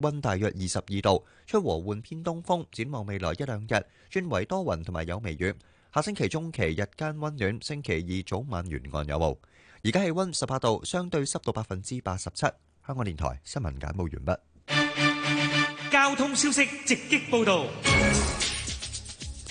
溫大約二十二度，吹和緩偏東風。展望未來一兩日，轉為多雲同埋有微雨。下星期中期日間溫暖，星期二早晚沿岸有霧。而家氣溫十八度，相對濕度百分之八十七。香港電台新聞簡報完畢。交通消息直擊報道。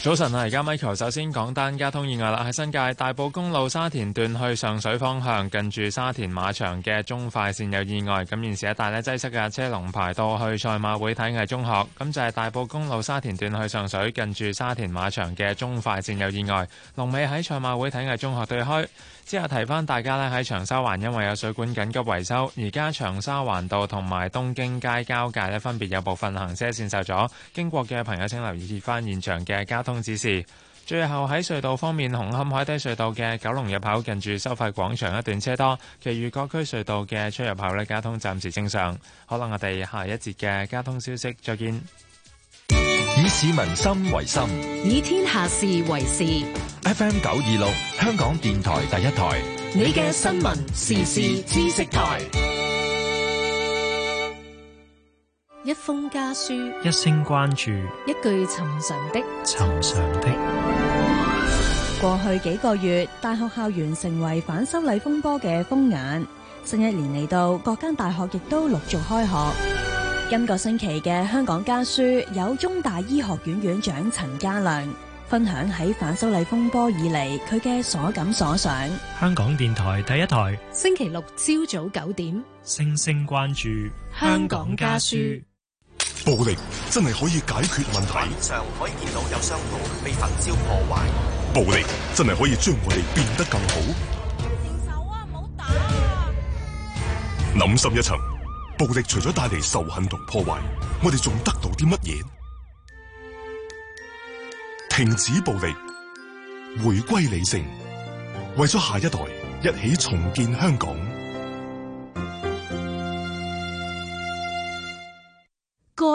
早晨啊，而家 Michael 首先講單交通意外啦，喺新界大埔公路沙田段去上水方向，近住沙田馬場嘅中快線有意外，咁現時一帶咧擠塞嘅車龍排到去賽馬會體藝中學。咁就係大埔公路沙田段去上水近住沙田馬場嘅中快線有意外，龍尾喺賽馬會體藝中學對開。之後，提翻大家咧，喺長沙灣，因為有水管緊急維修，而家長沙灣道同埋東京街交界咧，分別有部分行車線受阻，經過嘅朋友請留意翻現場嘅交通。通指示，最後喺隧道方面，紅磡海底隧道嘅九龍入口近住收費廣場一段車多，其餘各區隧道嘅出入口呢，交通暫時正常。好啦，我哋下一節嘅交通消息再見。以市民心為心，以天下事為事。FM 九二六，香港電台第一台，你嘅新聞時事知識台。一封家書，一聲關注，一句尋常的尋常的。的過去幾個月，大學校園成為反修例風波嘅風眼。新一年嚟，到各間大學亦都陸續開學。今、這個星期嘅香港家書，有中大醫學院院長陳家亮分享喺反修例風波以嚟，佢嘅所感所想。香港電台第一台，星期六朝早，早九點，星星關注香港家書。暴力真係可以解決問題？面上可以見到有商鋪，被焚燒破壞。暴力真係可以將我哋變得更好？唔好動手啊，唔好打啊！諗深一層，暴力除咗帶嚟仇恨同破壞，我哋仲得到啲乜嘢？停止暴力，回歸理性，為咗下一代，一起重建香港。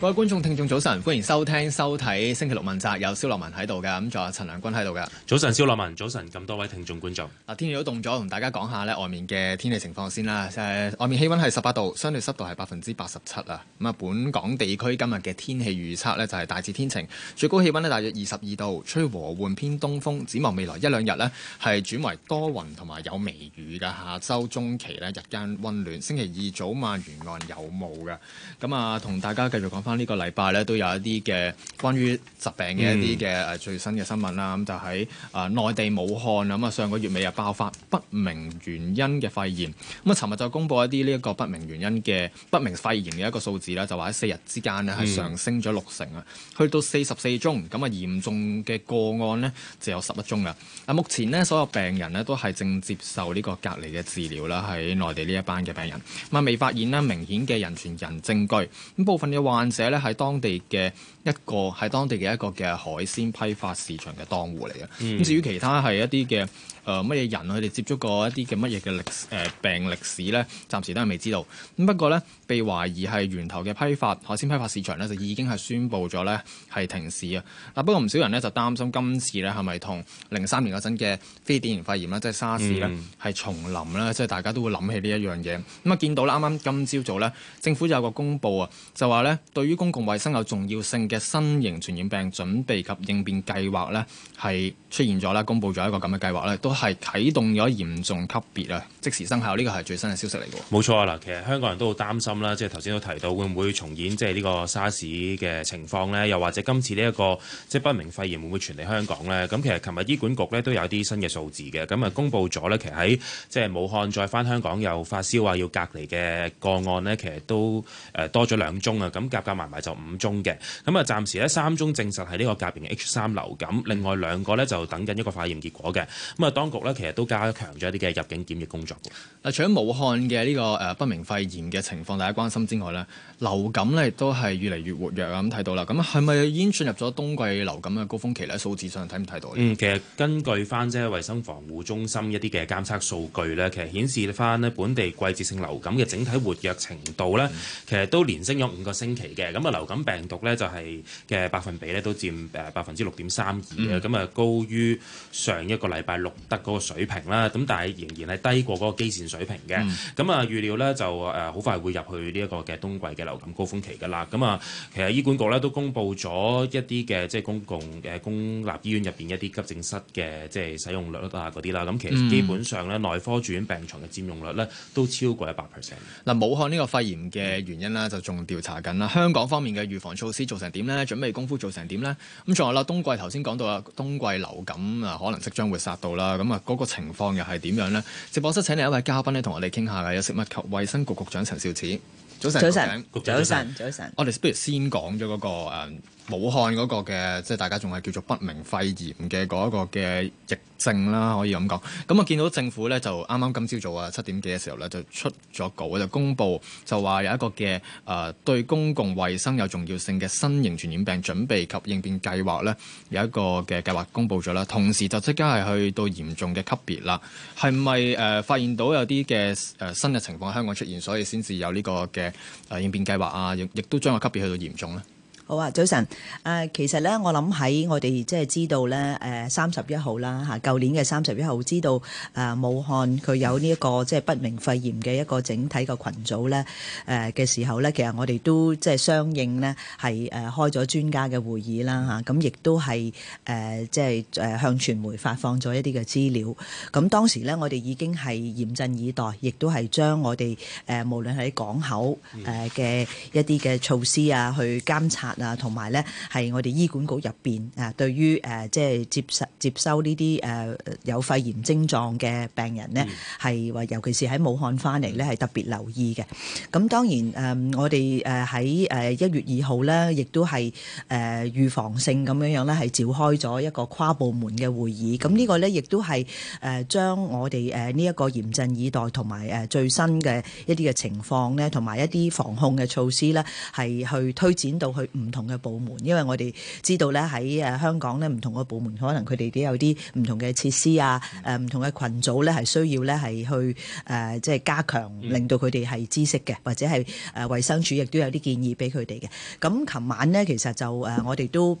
各位觀眾、聽眾，早晨，歡迎收聽、收睇《星期六問責》，有蕭洛汶喺度嘅，咁仲有陳亮均喺度嘅。早晨，蕭洛汶，早晨，咁多位聽眾、觀眾。嗱，天氣都凍咗，同大家講下咧，外面嘅天氣情況先啦、呃。外面氣溫係十八度，相對濕度係百分之八十七啊。咁啊，本港地區今日嘅天氣預測咧就係大致天晴，最高氣溫呢大約二十二度，吹和緩偏東風。展望未來一兩日呢，係轉為多雲同埋有微雨嘅。下周中期呢，日間溫暖。星期二早晚沿岸有霧嘅。咁啊，同大家繼續講翻。呢個禮拜咧都有一啲嘅關於疾病嘅一啲嘅最新嘅新聞啦，咁、嗯、就喺啊內地武漢咁啊上個月尾又爆發不明原因嘅肺炎，咁啊尋日就公布一啲呢一個不明原因嘅不明肺炎嘅一個數字啦，就話喺四日之間呢係上升咗六成啊，嗯、去到四十四宗，咁啊嚴重嘅個案呢就有十一宗啊，啊目前呢，所有病人呢都係正接受呢個隔離嘅治療啦，喺內地呢一班嘅病人，咁啊未發現咧明顯嘅人傳人證據，咁部分嘅患者。或者咧喺當地嘅。一個係當地嘅一個嘅海鮮批發市場嘅檔戶嚟嘅，咁、嗯、至於其他係一啲嘅誒乜嘢人，佢哋接觸過一啲嘅乜嘢嘅歷誒、呃、病歷史咧，暫時都係未知道。咁不過咧，被懷疑係源頭嘅批發海鮮批發市場咧，就已經係宣布咗咧係停市啊！嗱，不過唔少人咧就擔心今次咧係咪同零三年嗰陣嘅非典型肺炎啦，即係沙士咧係重臨啦，即係大家都會諗起呢一樣嘢。咁啊，見到啦，啱啱今朝早咧政府就有個公佈啊，就話咧對於公共衞生有重要性。嘅新型傳染病準備及應變計劃呢，係出現咗啦，公佈咗一個咁嘅計劃呢，都係啟動咗嚴重級別啊，即時生效。呢個係最新嘅消息嚟㗎。冇錯啊！嗱，其實香港人都好擔心啦，即係頭先都提到，會唔會重演即係呢個沙士嘅情況呢，又或者今次呢一個即係不明肺炎會唔會傳嚟香港呢？咁其實琴日醫管局呢都有啲新嘅數字嘅，咁啊公佈咗呢，其實喺即係武漢再翻香港又發燒啊要隔離嘅個案呢，其實都誒多咗兩宗啊，咁夾夾埋埋就五宗嘅，咁啊。暫時咧三宗證實係呢個甲型嘅 H 三流感，另外兩個呢就等緊一個化驗結果嘅。咁啊，當局呢其實都加強咗一啲嘅入境檢疫工作。嗱，除咗武漢嘅呢個誒不明肺炎嘅情況，大家關心之外呢，流感呢亦都係越嚟越活躍啊！咁睇到啦，咁係咪已經進入咗冬季流感嘅高峰期呢？數字上睇唔睇到？嗯，其實根據翻即係衞生防護中心一啲嘅監測數據呢，其實顯示翻呢本地季節性流感嘅整體活躍程度呢，其實都連升咗五個星期嘅。咁啊，流感病毒呢就係、是。嘅百分比咧都佔誒百分之六點三二嘅，咁啊、嗯、高於上一個禮拜六得嗰個水平啦，咁但係仍然係低過嗰個基線水平嘅，咁啊預料呢就誒好快會入去呢一個嘅冬季嘅流感高峰期噶啦，咁啊其實醫管局呢都公布咗一啲嘅即係公共嘅公立醫院入邊一啲急症室嘅即係使用率啊嗰啲啦，咁其實基本上呢，內科住院病床嘅佔用率呢都超過一百嗱。嗯、武漢呢個肺炎嘅原因咧就仲調查緊啦，香港方面嘅預防措施做成點？點咧？準備功夫做成點咧？咁仲有啦，冬季頭先講到啦，冬季流感啊，可能即將會殺到啦。咁啊，嗰個情況又係點樣咧？ 直播室請嚟一位嘉賓咧，同我哋傾下嘅，有食物及衛生局局長陳肇始。早晨上長，早晨，早晨，早晨。我哋不如先講咗嗰個、uh, 武漢嗰個嘅，即係大家仲係叫做不明肺炎嘅嗰一個嘅疫症啦，可以咁講。咁啊，我見到政府咧就啱啱今朝早啊七點幾嘅時候咧就出咗稿，就公佈就話有一個嘅誒、呃、對公共衛生有重要性嘅新型傳染病準備及應變計劃咧，有一個嘅計劃公佈咗啦，同時就即刻係去到嚴重嘅級別啦。係咪誒發現到有啲嘅誒新嘅情況喺香港出現，所以先至有呢個嘅誒、呃、應變計劃啊，亦亦都將個級別去到嚴重咧？好啊，早晨。誒，其實咧，我諗喺我哋即係知道咧，誒三十一號啦，嚇，舊年嘅三十一號知道誒武漢佢有呢一個即係不明肺炎嘅一個整體嘅群組咧，誒嘅時候咧，其實我哋都即係相應呢，係誒開咗專家嘅會議啦，嚇，咁亦都係誒即係誒向傳媒發放咗一啲嘅資料。咁當時咧，我哋已經係嚴陣以待，亦都係將我哋誒無論喺港口誒嘅一啲嘅措施啊，去監察。啊，同埋咧，係我哋醫管局入邊啊，對於誒即係接實接收呢啲誒有肺炎症狀嘅病人呢，係話尤其是喺武漢翻嚟呢，係特別留意嘅。咁當然誒，我哋誒喺誒一月二號呢，亦都係誒預防性咁樣樣呢，係召開咗一個跨部門嘅會議。咁呢個呢，亦都係誒將我哋誒呢一個嚴陣以待，同埋誒最新嘅一啲嘅情況呢，同埋一啲防控嘅措施呢，係去推展到去唔唔同嘅部門，因為我哋知道咧喺誒香港咧唔同嘅部門，可能佢哋都有啲唔同嘅設施啊，誒嗯，唔同嘅群組咧係需要咧係去誒即係加強，令到佢哋係知識嘅，或者係誒衛生署亦都有啲建議俾佢哋嘅。咁琴晚咧，其實就誒我哋都。嗯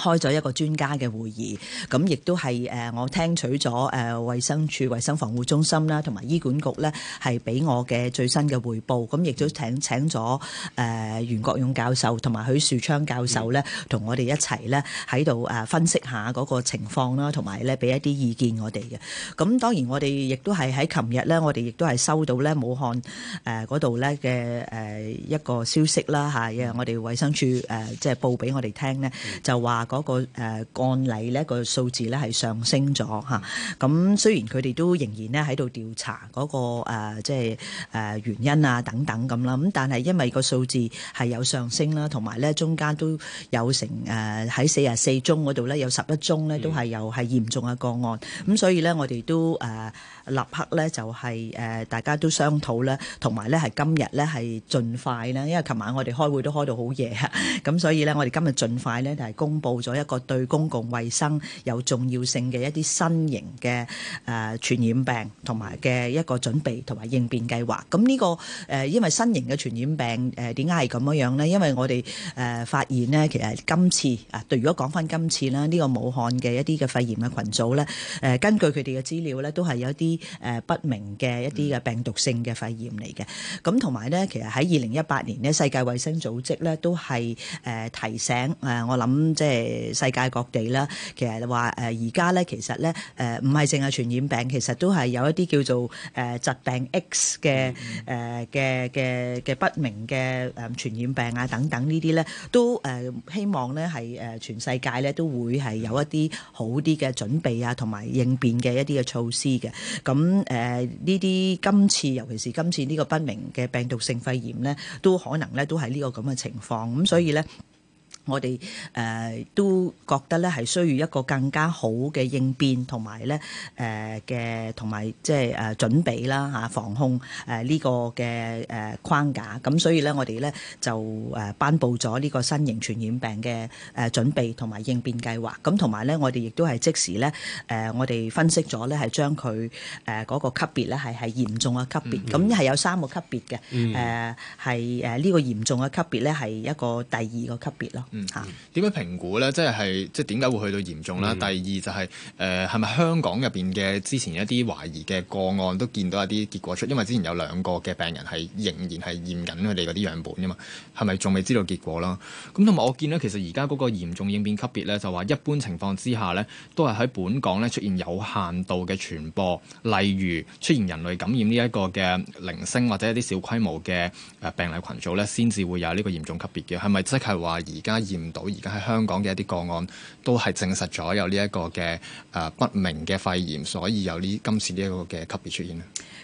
開咗一個專家嘅會議，咁亦都係誒我聽取咗誒衞生署衞生防護中心啦，同埋醫管局咧係俾我嘅最新嘅彙報，咁亦都請請咗誒袁國勇教授同埋許樹昌教授咧，同我哋一齊咧喺度誒分析下嗰個情況啦，同埋咧俾一啲意見我哋嘅。咁當然我哋亦都係喺琴日咧，我哋亦都係收到咧武漢誒嗰度咧嘅誒一個消息啦嚇，因為我哋衞生署誒即係報俾我哋聽咧，就話。嗰個案例咧、那個呃就是呃、個數字咧係上升咗吓，咁雖然佢哋都仍然咧喺度調查嗰個即係誒原因啊等等咁啦，咁但係因為個數字係有上升啦，同埋咧中間都有成誒喺四十四宗嗰度咧有十一宗咧都係有係嚴重嘅個案，咁、嗯、所以咧我哋都誒。呃立刻咧就係大家都商討咧，同埋咧係今日咧係盡快啦，因為琴晚我哋開會都開到好夜啊，咁所以咧我哋今日盡快咧就係公布咗一個對公共衛生有重要性嘅一啲新型嘅誒傳染病同埋嘅一個準備同埋應變計劃。咁呢個因為新型嘅傳染病點解係咁樣呢？咧，因為我哋誒發現咧，其實今次啊，如果講翻今次啦，呢個武漢嘅一啲嘅肺炎嘅群組咧，根據佢哋嘅資料咧，都係有一啲。誒、呃、不明嘅一啲嘅病毒性嘅肺炎嚟嘅，咁同埋咧，其實喺二零一八年呢，世界衞生組織咧都係誒、呃、提醒誒，我諗即係世界各地啦，其實話誒而家咧，其實咧誒唔係淨係傳染病，其實都係有一啲叫做誒、呃、疾病 X 嘅誒嘅嘅嘅不明嘅誒傳染病啊等等呢啲咧，都誒、呃、希望咧係誒全世界咧都會係有一啲好啲嘅準備啊同埋應變嘅一啲嘅措施嘅。咁誒呢啲今次，尤其是今次呢個不明嘅病毒性肺炎咧，都可能咧都係呢個咁嘅情況，咁所以咧。我哋誒都覺得咧係需要一個更加好嘅應變同埋咧誒嘅同埋即係誒準備啦嚇防控誒呢個嘅誒框架，咁所以咧我哋咧就誒頒布咗呢個新型傳染病嘅誒準備同埋應變計劃，咁同埋咧我哋亦都係即時咧誒我哋分析咗咧係將佢誒嗰個級別咧係係嚴重嘅級別，咁係有三個級別嘅誒係誒呢個嚴重嘅級別咧係一個第二個級別咯。點樣評估咧？即係即係點解會去到嚴重咧？嗯、第二就係誒係咪香港入邊嘅之前一啲懷疑嘅個案都見到一啲結果出？因為之前有兩個嘅病人係仍然係驗緊佢哋嗰啲樣本噶嘛，係咪仲未知道結果啦？咁同埋我見咧，其實而家嗰個嚴重應變級別咧，就話一般情況之下咧，都係喺本港咧出現有限度嘅傳播，例如出現人類感染呢一個嘅零星或者一啲小規模嘅誒病例群組咧，先至會有呢個嚴重級別嘅係咪？即係話而家。驗到而家喺香港嘅一啲個案都係證實咗有呢一個嘅誒不明嘅肺炎，所以有呢今次呢一個嘅級別出現。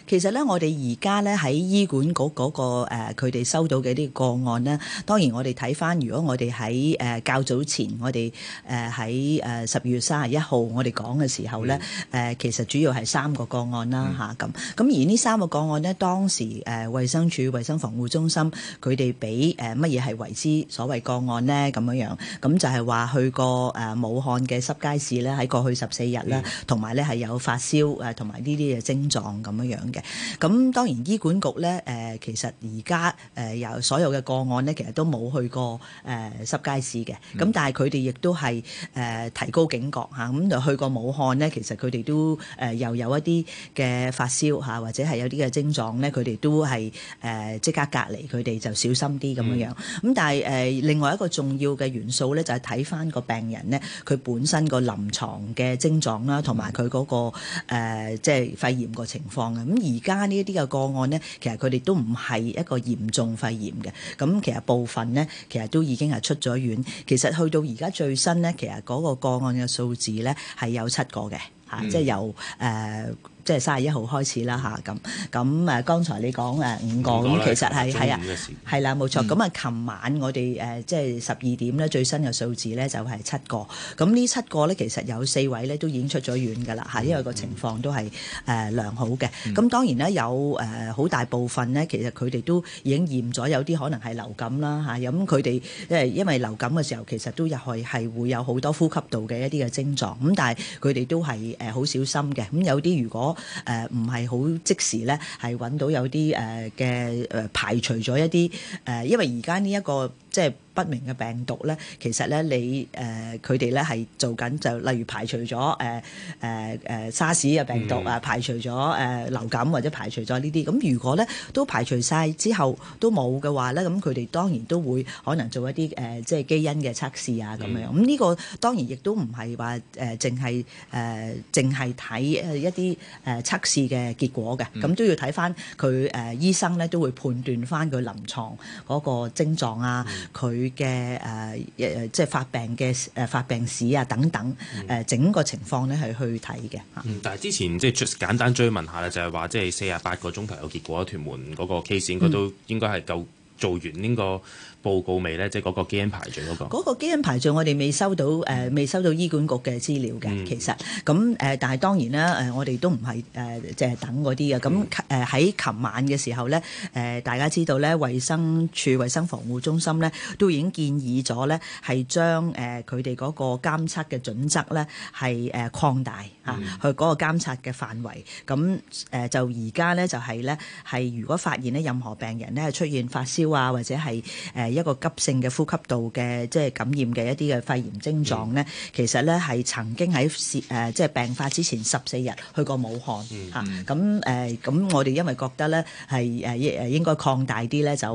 其實咧、那個，我哋而家咧喺醫管局嗰個佢哋收到嘅啲個案咧，當然我哋睇翻，如果我哋喺誒較早前，我哋誒喺誒十二月三十一號我哋講嘅時候咧，誒、嗯、其實主要係三個個案啦吓咁。咁、嗯、而呢三個個案咧，當時誒衛生署衛生防護中心佢哋俾誒乜嘢係為之所謂個案咧咁樣樣，咁就係、是、話去過誒武漢嘅濕街市呢，喺過去十四日啦，同埋咧係有發燒同埋呢啲嘅症狀咁樣樣。咁當然醫管局咧，誒、呃、其實而家誒有所有嘅個案咧，其實都冇去過誒、呃、濕街市嘅。咁、嗯、但係佢哋亦都係誒提高警覺嚇，咁、啊、就去過武漢咧。其實佢哋都誒、呃、又有一啲嘅發燒嚇、啊，或者係有啲嘅症狀咧。佢哋都係誒即刻隔離，佢哋就小心啲咁樣樣。咁、嗯、但係誒、呃、另外一個重要嘅元素咧，就係睇翻個病人咧，佢本身個臨床嘅症狀啦，同埋佢嗰個、呃、即係肺炎個情況嘅咁。啊嗯而家呢一啲嘅個案咧，其實佢哋都唔係一個嚴重肺炎嘅，咁其實部分咧，其實都已經係出咗院。其實去到而家最新咧，其實嗰個個案嘅數字咧係有七個嘅，嚇、嗯啊，即係有誒。呃即係三十一號開始啦嚇，咁咁誒，剛才你講誒五個咁，其實係係啊，係啦，冇錯。咁啊，琴晚我哋誒即係十二點咧最新嘅數字咧就係七個。咁呢七個咧其實有四位咧都已經出咗院噶啦嚇、嗯嗯、因為個情況都係誒、呃、良好嘅。咁、嗯、當然咧有誒好、呃、大部分咧，其實佢哋都已經驗咗，有啲可能係流感啦嚇。咁佢哋即係因為流感嘅時候，其實都入去係會有好多呼吸道嘅一啲嘅症狀。咁但係佢哋都係誒好小心嘅。咁有啲如果誒，唔係好即時咧，係搵到有啲誒嘅誒，排除咗一啲誒、呃，因為而家呢一個。即係不明嘅病毒咧，其實咧你誒佢哋咧係做緊就例如排除咗誒誒誒 SARS 嘅病毒啊，mm hmm. 排除咗誒、呃、流感或者排除咗呢啲。咁如果咧都排除晒之後都冇嘅話咧，咁佢哋當然都會可能做一啲誒、呃、即係基因嘅測試啊咁、mm hmm. 樣。咁、嗯、呢、呢個當然亦都唔係話誒淨係誒淨係睇一啲誒、呃、測試嘅結果嘅，咁都要睇翻佢誒醫生咧都會判斷翻佢臨床嗰個症狀啊。Mm hmm. 佢嘅誒，即係發病嘅發病史啊，等等、嗯、整個情況咧係去睇嘅，嗯、但係之前即係 just 簡單追問一下咧，就係話即係四廿八個鐘頭有結果，屯門嗰個 case 應該都應該係夠做完呢個。嗯報告未咧，即係嗰個基因排序嗰、那個。基因排序我哋未收到，誒、嗯呃、未收到醫管局嘅資料嘅。其實咁誒、呃，但係當然啦，誒、呃、我哋都唔係誒，即係等嗰啲嘅。咁誒喺琴晚嘅時候咧，誒、呃、大家知道咧，衛生署、衞生防護中心咧都已經建議咗咧，係將誒佢哋嗰個監測嘅準則咧係誒擴大吓、啊，去嗰個監測嘅範圍。咁誒、嗯呃、就而家咧就係咧係如果發現咧任何病人咧出現發燒啊或者係誒。呃一個急性嘅呼吸道嘅即係感染嘅一啲嘅肺炎症狀咧，其實咧係曾經喺誒即係病發之前十四日去過武漢吓，咁誒咁我哋因為覺得咧係誒誒應該擴大啲咧，就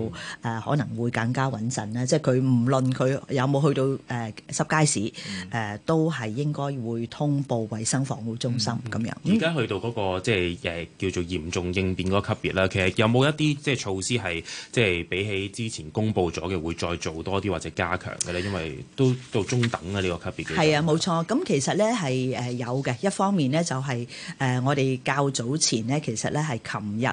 誒可能會更加穩陣咧。即係佢唔論佢有冇去到誒濕街市誒，都係應該會通報衛生防護中心咁樣。而家去到嗰個即係誒叫做嚴重應變嗰個級別啦，其實有冇一啲即係措施係即係比起之前公布咗？會再做多啲或者加強嘅咧，因為都到中等嘅呢、這個級別嘅係啊，冇錯，咁其實咧係誒有嘅，一方面咧就係、是、誒、呃、我哋較早前咧，其實咧係琴日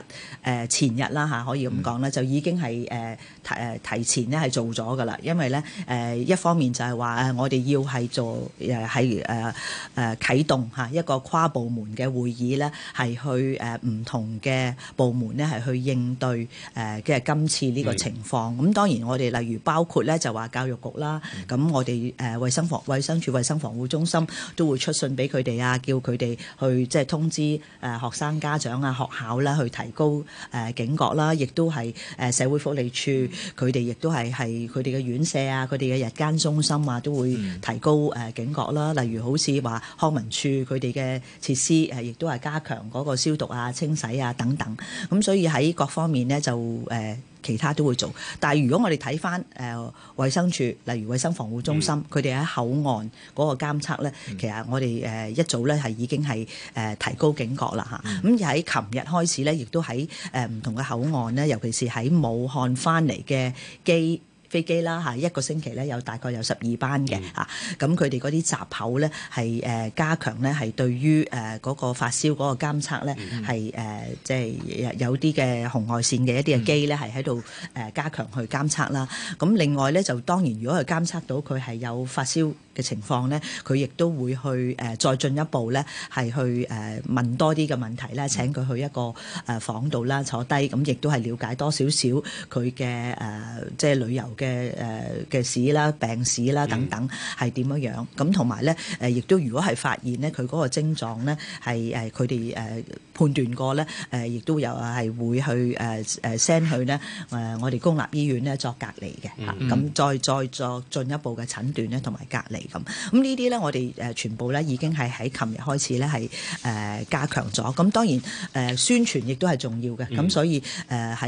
誒前日啦吓、啊、可以咁講咧，就已經係誒提誒提前咧係做咗噶啦。因為咧誒、呃、一方面就係話誒我哋要係做誒喺誒誒啟動吓一個跨部門嘅會議咧，係去誒唔同嘅部門咧係去應對誒即係今次呢個情況，咁、嗯、當然我哋。例如包括咧就話教育局啦，咁、嗯、我哋誒衛生防衛生署衛生防護中心都會出信俾佢哋啊，叫佢哋去即係通知誒學生家長啊、學校啦，去提高誒警覺啦。亦都係誒社會福利處，佢哋亦都係係佢哋嘅院舍啊、佢哋嘅日間中心啊，都會提高誒警覺啦。嗯、例如好似話康文署佢哋嘅設施誒亦都係加強嗰個消毒啊、清洗啊等等。咁所以喺各方面咧就誒。呃其他都會做，但係如果我哋睇翻誒衛生署，例如衞生防護中心，佢哋喺口岸嗰個監測咧，嗯、其實我哋誒、呃、一早咧係已經係誒、呃、提高警覺啦嚇。咁而喺琴日開始咧，亦都喺誒唔同嘅口岸咧，尤其是喺武漢翻嚟嘅機。飛機啦嚇，一個星期咧有大概有十二班嘅嚇，咁佢哋嗰啲閘口咧係誒加強咧係對於誒嗰個發燒嗰個監測咧係誒即係有啲嘅紅外線嘅一啲嘅機咧係喺度誒加強去監測啦。咁、嗯、另外咧就當然如果係監測到佢係有發燒嘅情況咧，佢亦都會去誒再進一步咧係去誒問多啲嘅問題咧，嗯、請佢去一個誒房度啦坐低，咁亦都係了解多少少佢嘅誒即係旅遊嘅誒嘅史啦、病史啦等等係點樣樣，咁、嗯，同埋咧誒，亦都如果係發現咧，佢嗰個症狀咧係誒佢哋誒判斷過咧誒亦都有係會去誒誒 send 去咧誒我哋公立醫院咧作隔離嘅吓，咁、嗯啊、再再作進一步嘅診斷咧同埋隔離咁。咁呢啲咧我哋誒全部咧已經係喺琴日開始咧係誒加強咗。咁當然誒、呃、宣傳亦都係重要嘅。咁、嗯、所以誒喺、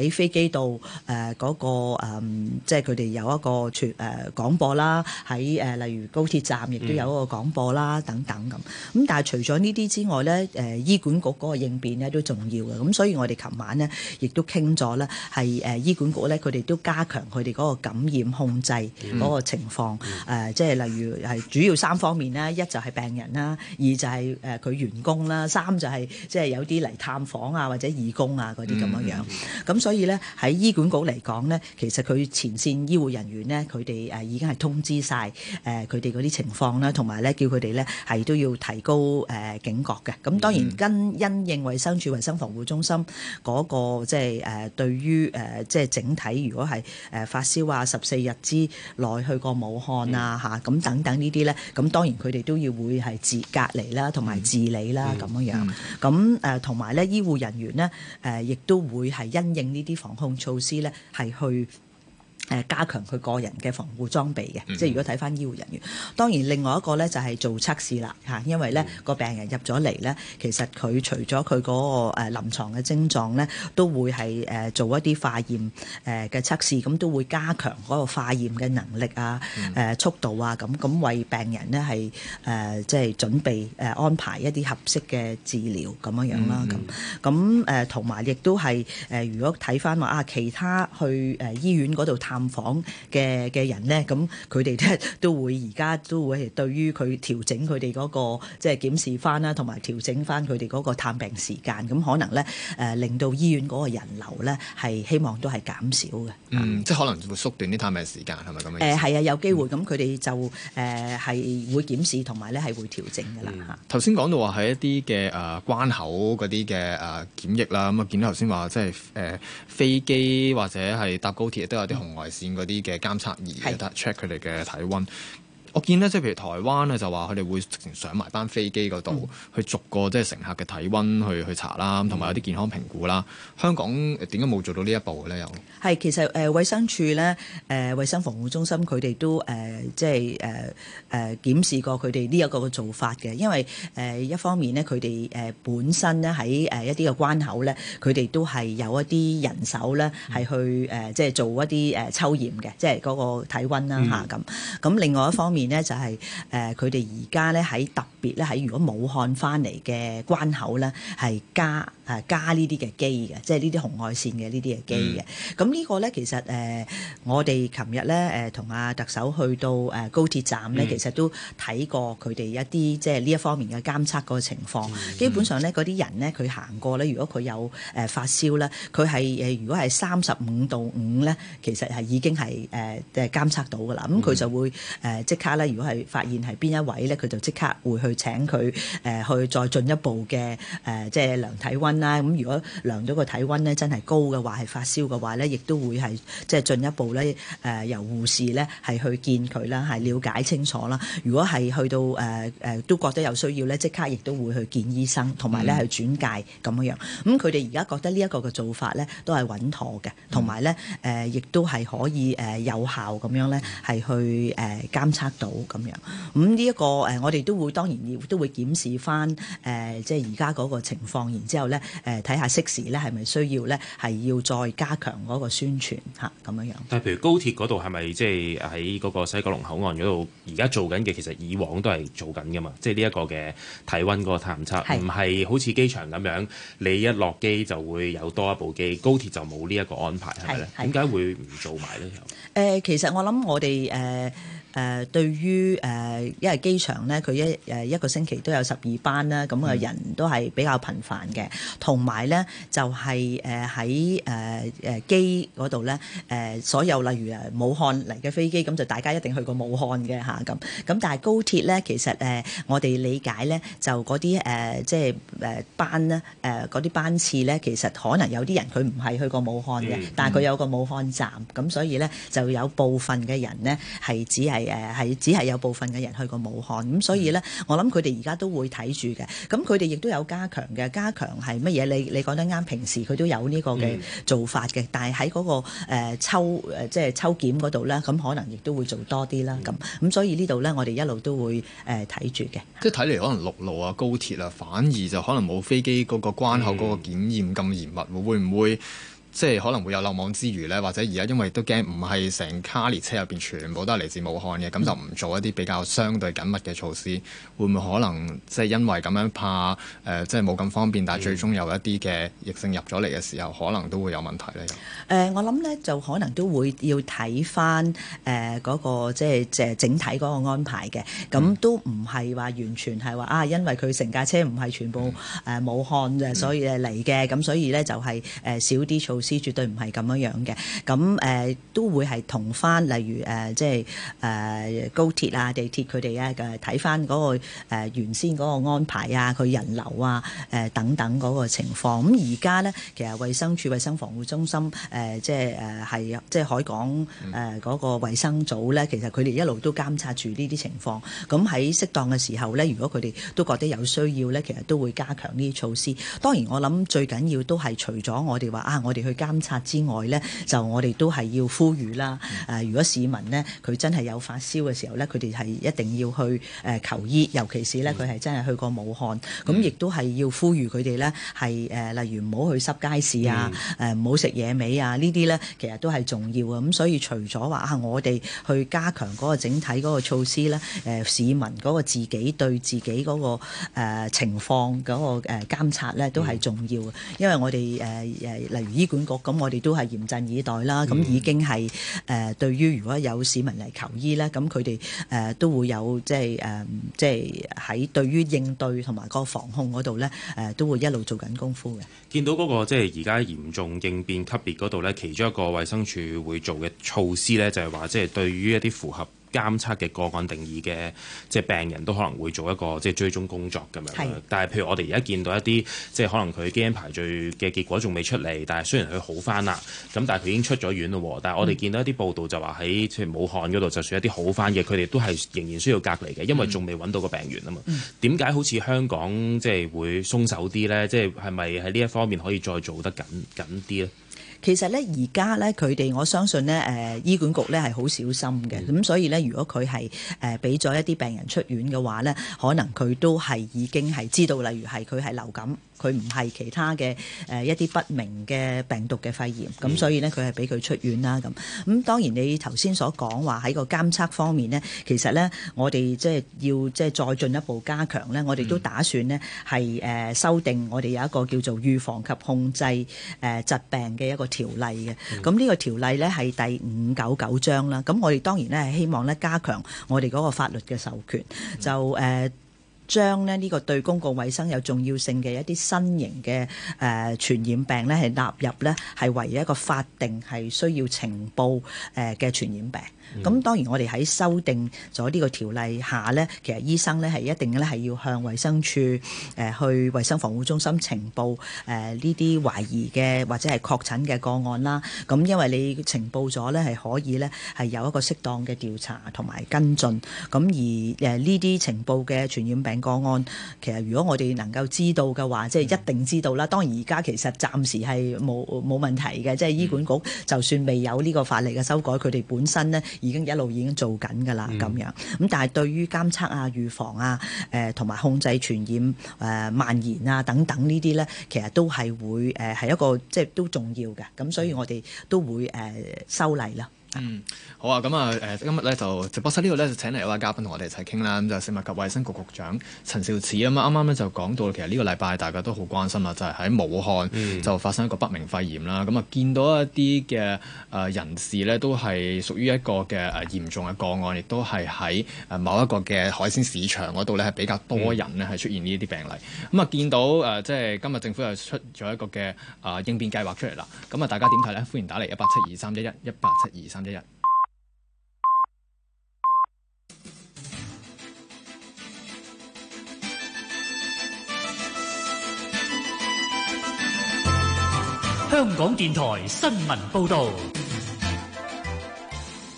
呃、飛機度誒嗰個誒、呃、即係佢。有一個傳誒廣播啦，喺誒例如高鐵站亦都有一個廣播啦，播嗯、等等咁。咁但係除咗呢啲之外咧，誒醫管局嗰個應變咧都重要嘅。咁所以我哋琴晚咧亦都傾咗咧，係誒醫管局咧，佢哋都加強佢哋嗰個感染控制嗰個情況誒、嗯呃，即係例如係主要三方面啦，一就係病人啦，二就係誒佢員工啦，三就係即係有啲嚟探訪啊或者義工啊嗰啲咁樣樣。咁、嗯、所以咧喺醫管局嚟講咧，其實佢前線。醫護人員咧，佢哋誒已經係通知晒誒佢哋嗰啲情況啦，同埋咧叫佢哋咧係都要提高誒、呃、警覺嘅。咁當然跟、嗯、因應衞生署衞生防護中心嗰、嗰個即係誒對於誒即係整體，如果係誒發燒啊、十四日之內去過武漢、嗯、啊、嚇咁等等呢啲咧，咁當然佢哋都要會係自隔離啦，同埋治理啦咁樣樣。咁誒同埋咧，醫護人員咧誒亦都會係因應呢啲防控措施咧，係去。誒加強佢個人嘅防護裝備嘅，即係、mm hmm. 如果睇翻醫護人員，當然另外一個咧就係做測試啦嚇，因為咧、mm hmm. 個病人入咗嚟咧，其實佢除咗佢嗰個誒臨牀嘅症狀咧，都會係誒做一啲化驗誒嘅測試，咁都會加強嗰個化驗嘅能力啊、誒速度啊，咁咁為病人咧係誒即係準備誒安排一啲合適嘅治療咁樣樣啦，咁咁誒同埋亦都係誒如果睇翻話啊，其他去誒醫院嗰度探。探訪嘅嘅人咧，咁佢哋咧都會而家都會係對於佢調整佢哋嗰個即係檢視返啦，同埋調整返佢哋嗰個探病時間，咁可能咧誒令到醫院嗰個人流咧係希望都係減少嘅。嗯，即係可能會縮短啲探病時間，係咪咁樣？誒係啊，有機會咁佢哋就誒係會檢視，同埋咧係會調整噶啦嚇。頭先講到話係一啲嘅誒關口嗰啲嘅誒檢疫啦，咁我見到頭先話即係誒、呃、飛機或者係搭高鐵都有啲紅外。線嗰啲嘅監測儀 check 佢哋嘅體温。我見呢，即係譬如台灣咧，就話佢哋會直情上埋班飛機嗰度去逐個即係乘客嘅體温去去查啦，同埋、嗯、有啲健康評估啦。香港點解冇做到呢一步咧？又係其實誒衞生處咧，誒衞生防護中心佢哋都誒即係誒誒檢視過佢哋呢一個嘅做法嘅，因為誒一方面呢，佢哋誒本身咧喺誒一啲嘅關口咧，佢哋都係有一啲人手咧係去誒即係做一啲誒抽驗嘅，嗯、即係嗰個體温啦嚇咁。咁、嗯、另外一方面。咧就係誒，佢哋而家咧喺特別咧喺如果武漢翻嚟嘅關口咧，係加誒加呢啲嘅機嘅，即係呢啲紅外線嘅、嗯、呢啲嘅機嘅。咁呢個咧其實誒、呃，我哋琴日咧誒同阿特首去到誒高鐵站咧，嗯、其實都睇過佢哋一啲即係呢一方面嘅監測個情況。嗯、基本上咧嗰啲人咧，佢行過咧，如果佢有誒發燒咧，佢係誒如果係三十五度五咧，35，其實係已經係誒誒監測到㗎喇。咁佢就會誒即、呃、刻咧，如果係發現係邊一位咧，佢就即刻會去。去請佢誒、呃、去再進一步嘅誒、呃、即係量體溫啦。咁如果量到個體溫咧，真係高嘅話係發燒嘅話咧，亦都會係即係進一步咧誒、呃、由護士咧係去見佢啦，係了解清楚啦。如果係去到誒誒、呃呃、都覺得有需要咧，即刻亦都會去見醫生，同埋咧去轉介咁樣。咁佢哋而家覺得呢一個嘅做法咧，都係穩妥嘅，同埋咧誒亦都係可以誒、呃、有效咁樣咧，係去誒監測到咁樣。咁呢一個誒、呃、我哋都會當然。都會檢視翻誒，即係而家嗰個情況，然之後咧誒，睇下適時咧係咪需要咧，係要再加強嗰個宣傳嚇咁樣樣。但係譬如高鐵嗰度係咪即係喺嗰個西九龍口岸嗰度而家做緊嘅？其實以往都係做緊噶嘛，即係呢一個嘅體溫嗰個探測，唔係好似機場咁樣，你一落機就會有多一部機，高鐵就冇呢一個安排係咪咧？點解的會唔做埋呢樣？呃，其實我諗我哋誒。呃誒、呃、對於誒，因為機場咧，佢一誒、呃、一個星期都有十二班啦，咁啊人都係比較頻繁嘅。同埋咧，就係誒喺誒誒機嗰度咧，誒、呃呃呃、所有例如誒武漢嚟嘅飛機，咁就大家一定去過武漢嘅嚇咁。咁、啊、但係高鐵咧，其實誒、呃、我哋理解咧，就嗰啲誒即係誒班咧，誒嗰啲班次咧，其實可能有啲人佢唔係去過武漢嘅，嗯、但係佢有個武漢站，咁、嗯、所以咧就有部分嘅人咧係只係。誒係只係有部分嘅人去過武漢，咁所以咧，我諗佢哋而家都會睇住嘅。咁佢哋亦都有加強嘅，加強係乜嘢？你你講得啱，平時佢都有呢個嘅做法嘅，嗯、但係喺嗰個、呃、抽誒即係抽檢嗰度咧，咁可能亦都會做多啲啦。咁咁、嗯、所以呢度咧，我哋一路都會誒睇住嘅。即係睇嚟，可能陸路啊、高鐵啊，反而就可能冇飛機嗰個關口嗰個檢驗咁嚴密，嗯、會唔會？即係可能會有漏網之魚咧，或者而家因為都驚唔係成卡列車入邊全部都係嚟自武漢嘅，咁就唔做一啲比較相對緊密嘅措施，會唔會可能即係因為咁樣怕誒、呃、即係冇咁方便，但係最終有一啲嘅疫症入咗嚟嘅時候，可能都會有問題咧？誒、呃、我諗咧就可能都會要睇翻誒嗰個即係即係整體嗰個安排嘅，咁都唔係話完全係話啊，因為佢成架車唔係全部誒、嗯呃、武漢嘅，所以誒嚟嘅，咁、嗯、所以咧就係誒少啲措。措施絕對唔係咁樣樣嘅，咁誒、呃、都會係同翻，例如誒、呃、即係誒、呃、高鐵啊、地鐵佢哋啊誒睇翻嗰個誒、呃、原先嗰個安排啊，佢人流啊誒、呃、等等個情況，咁而家咧，其實衛生署、衛生防護中心誒、呃、即係誒係即係海港誒嗰、呃那個衞生組咧，其實佢哋一路都監察住呢啲情況，咁喺適當嘅時候咧，如果佢哋都覺得有需要咧，其實都會加強呢啲措施。當然我諗最緊要都係除咗我哋話啊，我哋去。去監察之外咧，就我哋都係要呼籲啦。誒、嗯，如果市民咧，佢真係有發燒嘅時候咧，佢哋係一定要去誒求醫，尤其是咧佢係真係去過武漢，咁亦、嗯、都係要呼籲佢哋咧係誒例如唔好去濕街市、嗯、啊，誒唔好食野味啊，呢啲咧其實都係重要嘅。咁所以除咗話啊，我哋去加強嗰個整體嗰個措施咧，誒、呃、市民嗰個自己對自己嗰、那個、呃、情況嗰、那個誒、呃、監察咧都係重要嘅，因為我哋誒誒例如醫管國咁，我哋都係嚴陣以待啦。咁已經係誒，對、呃、於如果有市民嚟求醫咧，咁佢哋誒都會有即係誒，即係喺、呃、對於應對同埋個防控嗰度咧，誒、呃、都會一路在做緊功夫嘅。見到嗰、那個即係而家嚴重應變級別嗰度咧，其中一個衛生署會做嘅措施咧，就係話即係對於一啲符合。監測嘅個案定義嘅即係病人都可能會做一個即係追蹤工作咁樣，是但係譬如我哋而家見到一啲即係可能佢基因排序嘅結果仲未出嚟，但係雖然佢好返啦，咁但係佢已經出咗院咯喎，但係我哋見到一啲報道就話喺即係武漢嗰度，就算一啲好返嘅，佢哋、嗯、都係仍然需要隔離嘅，因為仲未揾到個病源啊嘛。點解、嗯、好似香港即係會鬆手啲呢？即係係咪喺呢一方面可以再做得緊緊啲呢？其實咧，而家咧，佢哋我相信咧，誒醫管局咧係好小心嘅，咁所以咧，如果佢係誒俾咗一啲病人出院嘅話咧，可能佢都係已經係知道，例如係佢係流感。佢唔係其他嘅誒、呃、一啲不明嘅病毒嘅肺炎，咁、嗯、所以呢，佢係俾佢出院啦咁。咁、嗯、當然你頭先所講話喺個監測方面呢，其實呢，我哋即係要即係再進一步加強呢我哋都打算呢，係誒、呃、修訂我哋有一個叫做預防及控制誒、呃、疾病嘅一個條例嘅。咁呢、嗯、個條例呢，係第五九九章啦。咁我哋當然呢，係希望呢加強我哋嗰個法律嘅授權，就誒。呃嗯將咧呢個對公共衛生有重要性嘅一啲新型嘅誒傳染病咧，係納入咧係唯一一個法定係需要呈報誒嘅傳染病。咁當然我哋喺修訂咗呢個條例下咧，其實醫生咧係一定咧係要向衛生署誒、呃、去衛生防護中心呈報誒呢啲懷疑嘅或者係確診嘅個案啦。咁因為你呈報咗咧係可以咧係有一個適當嘅調查同埋跟進。咁而誒呢啲呈報嘅傳染病個案，其實如果我哋能夠知道嘅話，即係一定知道啦。當然而家其實暫時係冇冇問題嘅，即係醫管局就算未有呢個法例嘅修改，佢哋本身咧。已經一路已經做緊㗎啦，咁樣咁，但係對於監測啊、預防啊、誒同埋控制傳染誒、呃、蔓延啊等等這些呢啲咧，其實都係會誒係、呃、一個即係都重要嘅，咁所以我哋都會誒、呃、修例啦。嗯，好啊，咁啊，誒，今日咧就直播室呢度咧就請嚟一位嘉賓同我哋一齊傾啦，咁就係食物及衛生局局長陳肇始啊嘛，啱啱咧就講到，其實呢個禮拜大家都好關心啦，就係喺武漢就發生一個不明肺炎啦，咁啊見到一啲嘅誒人士咧都係屬於一個嘅誒嚴重嘅個案，亦都係喺誒某一個嘅海鮮市場嗰度咧係比較多人咧係出現呢啲病例，咁啊見到誒即係今日政府又出咗一個嘅誒、啊、應變計劃出嚟啦，咁啊大家點睇咧？歡迎打嚟一八七二三一一一八七二三。香港電臺新聞報道：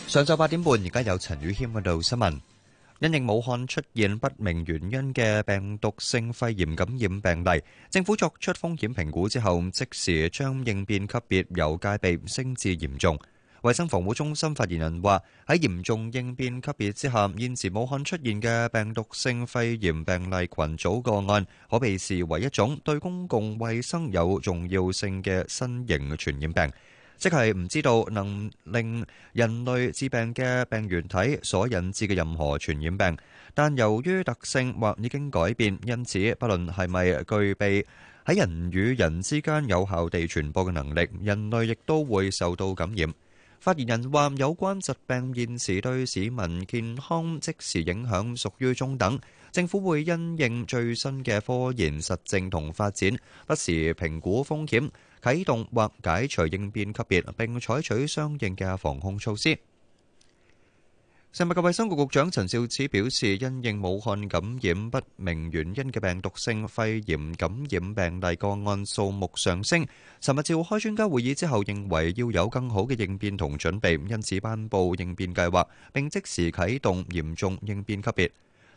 上晝八點半，而家有陳宇謙報道新聞。因應武漢出現不明原因嘅病毒性肺炎感染病例，政府作出風險評估之後，即時將應變級別由戒備升至嚴重。衛生防護中心發言人話：喺嚴重應變級別之下，現時武漢出現嘅病毒性肺炎病例群組個案，可被視為一種對公共衛生有重要性嘅新型傳染病，即係唔知道能令人類致病嘅病原體所引致嘅任何傳染病。但由於特性或已經改變，因此不論係咪具備喺人與人之間有效地傳播嘅能力，人類亦都會受到感染。發言人話：有關疾病現時對市民健康即時影響屬於中等，政府會因應最新嘅科研實證同發展，不時評估風險，啟動或解除應變級別，並採取相應嘅防控措施。食物及衞生局局長陳肇始表示，因應武漢感染不明原因嘅病毒性肺炎感染病例個案數目上升，尋日召開專家會議之後，認為要有更好嘅應變同準備，因此頒佈應變計劃，並即時啟動嚴重應變級別。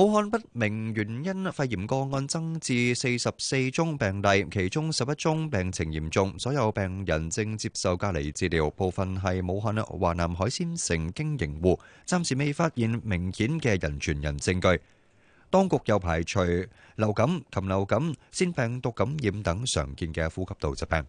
武漢不明原因肺炎個案增至四十四宗病例，其中十一宗病情嚴重，所有病人正接受隔離治療，部分係武漢華南海鮮城經營戶，暫時未發現明顯嘅人傳人證據。當局又排除流感、禽流感、腺病毒感染等常見嘅呼吸道疾病。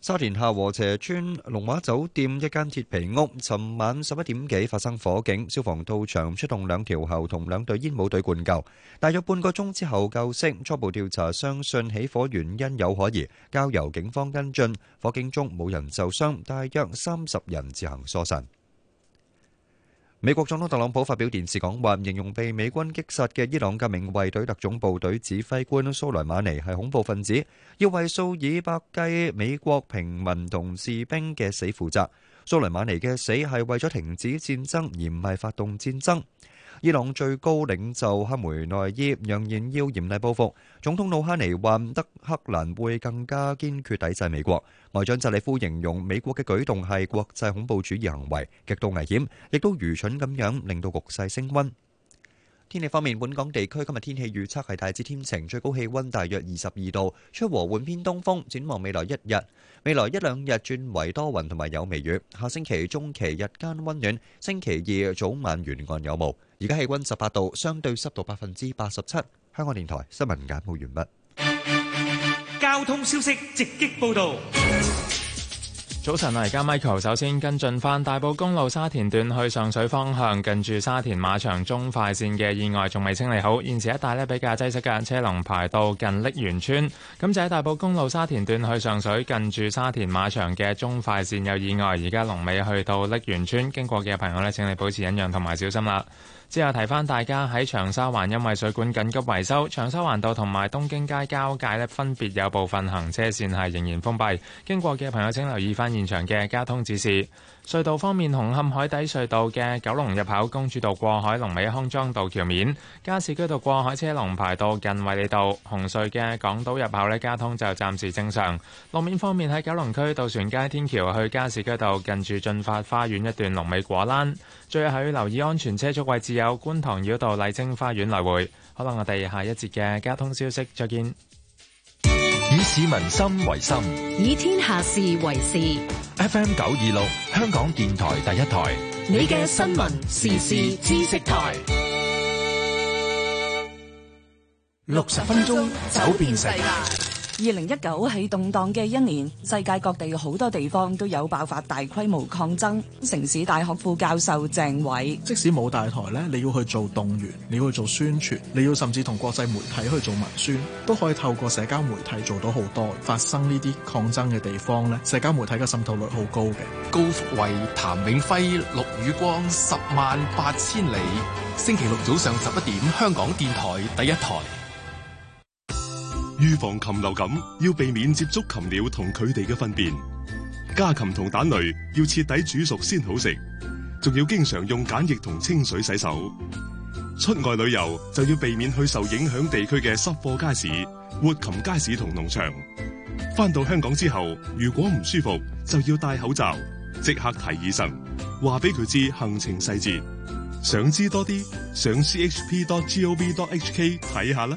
沙田下禾輋村龍華酒店一間鐵皮屋，尋晚十一點幾發生火警，消防到場出動兩條喉同兩隊煙霧隊灌救，大約半個鐘之後救熄。初步調查相信起火原因有可疑，交由警方跟進。火警中冇人受傷，大約三十人自行疏散。美國總統特朗普發表電視講話，形容被美軍擊殺嘅伊朗革命衛隊特種部隊指揮官蘇萊馬尼係恐怖分子，要為數以百計美國平民同士兵嘅死負責。蘇萊馬尼嘅死係為咗停止戰爭，而唔係發動戰爭。伊朗最高領袖哈梅內伊揚言要嚴厲報復，總統魯哈尼話德黑蘭會更加堅決抵制美國。外長扎里夫形容美國嘅舉動係國際恐怖主義行為，極度危險，亦都愚蠢咁樣令到局勢升溫。天氣方面，本港地區今日天氣預測係大致天晴，最高氣温大約二十二度，吹和緩偏東風。展望未來一日，未來一兩日轉為多雲同埋有微雨。下星期中期日間温暖，星期二早晚沿岸有霧。而家氣温十八度，相對濕度百分之八十七。香港電台新聞眼報完畢。交通消息直擊報道。早晨啊，而家 Michael 首先跟進翻大埔公路沙田段去上水方向，近住沙田馬場中快線嘅意外仲未清理好，現時一帶呢比較擠塞嘅車龍排到近瀝源村。咁就喺大埔公路沙田段去上水近住沙田馬場嘅中快線有意外，而家龍尾去到瀝源村，經過嘅朋友咧，請你保持忍讓同埋小心啦。之後提翻大家喺長沙灣因為水管緊急維修，長沙灣道同埋東京街交界呢分別有部分行車線係仍然封閉。經過嘅朋友請留意翻現場嘅交通指示。隧道方面，紅磡海底隧道嘅九龍入口，公主道過海龍尾康莊道橋面，加士居道過海車龍排到近衛理道。紅隧嘅港島入口呢，交通就暫時正常。路面方面，喺九龍區渡船街天橋去加士居道近住駿發花園，一段龍尾果欄。最後要留意安全車速位置，有觀塘繞道麗晶花園來回。好啦，我哋下一節嘅交通消息再見。市民心為心，以天下事為事。FM 九二六，香港電台第一台，你嘅新聞時事知識台，六十分鐘走遍世界。二零一九喺動蕩嘅一年，世界各地好多地方都有爆發大規模抗爭。城市大學副教授鄭偉，即使冇大台咧，你要去做動員，你要去做宣傳，你要甚至同國際媒體去做文宣，都可以透過社交媒體做到好多。發生呢啲抗爭嘅地方咧，社交媒體嘅滲透率好高嘅。高福慧、譚永輝、陸宇光，十萬八千里，星期六早上十一點，香港電台第一台。預防禽流感，要避免接觸禽鳥同佢哋嘅糞便。家禽同蛋類要徹底煮熟先好食，仲要經常用鹼液同清水洗手。出外旅遊就要避免去受影響地區嘅濕貨街市、活禽街市同農場。返到香港之後，如果唔舒服，就要戴口罩，即刻睇醫生，話俾佢知行程細節。想知多啲，上 chp.gov.hk 睇下啦。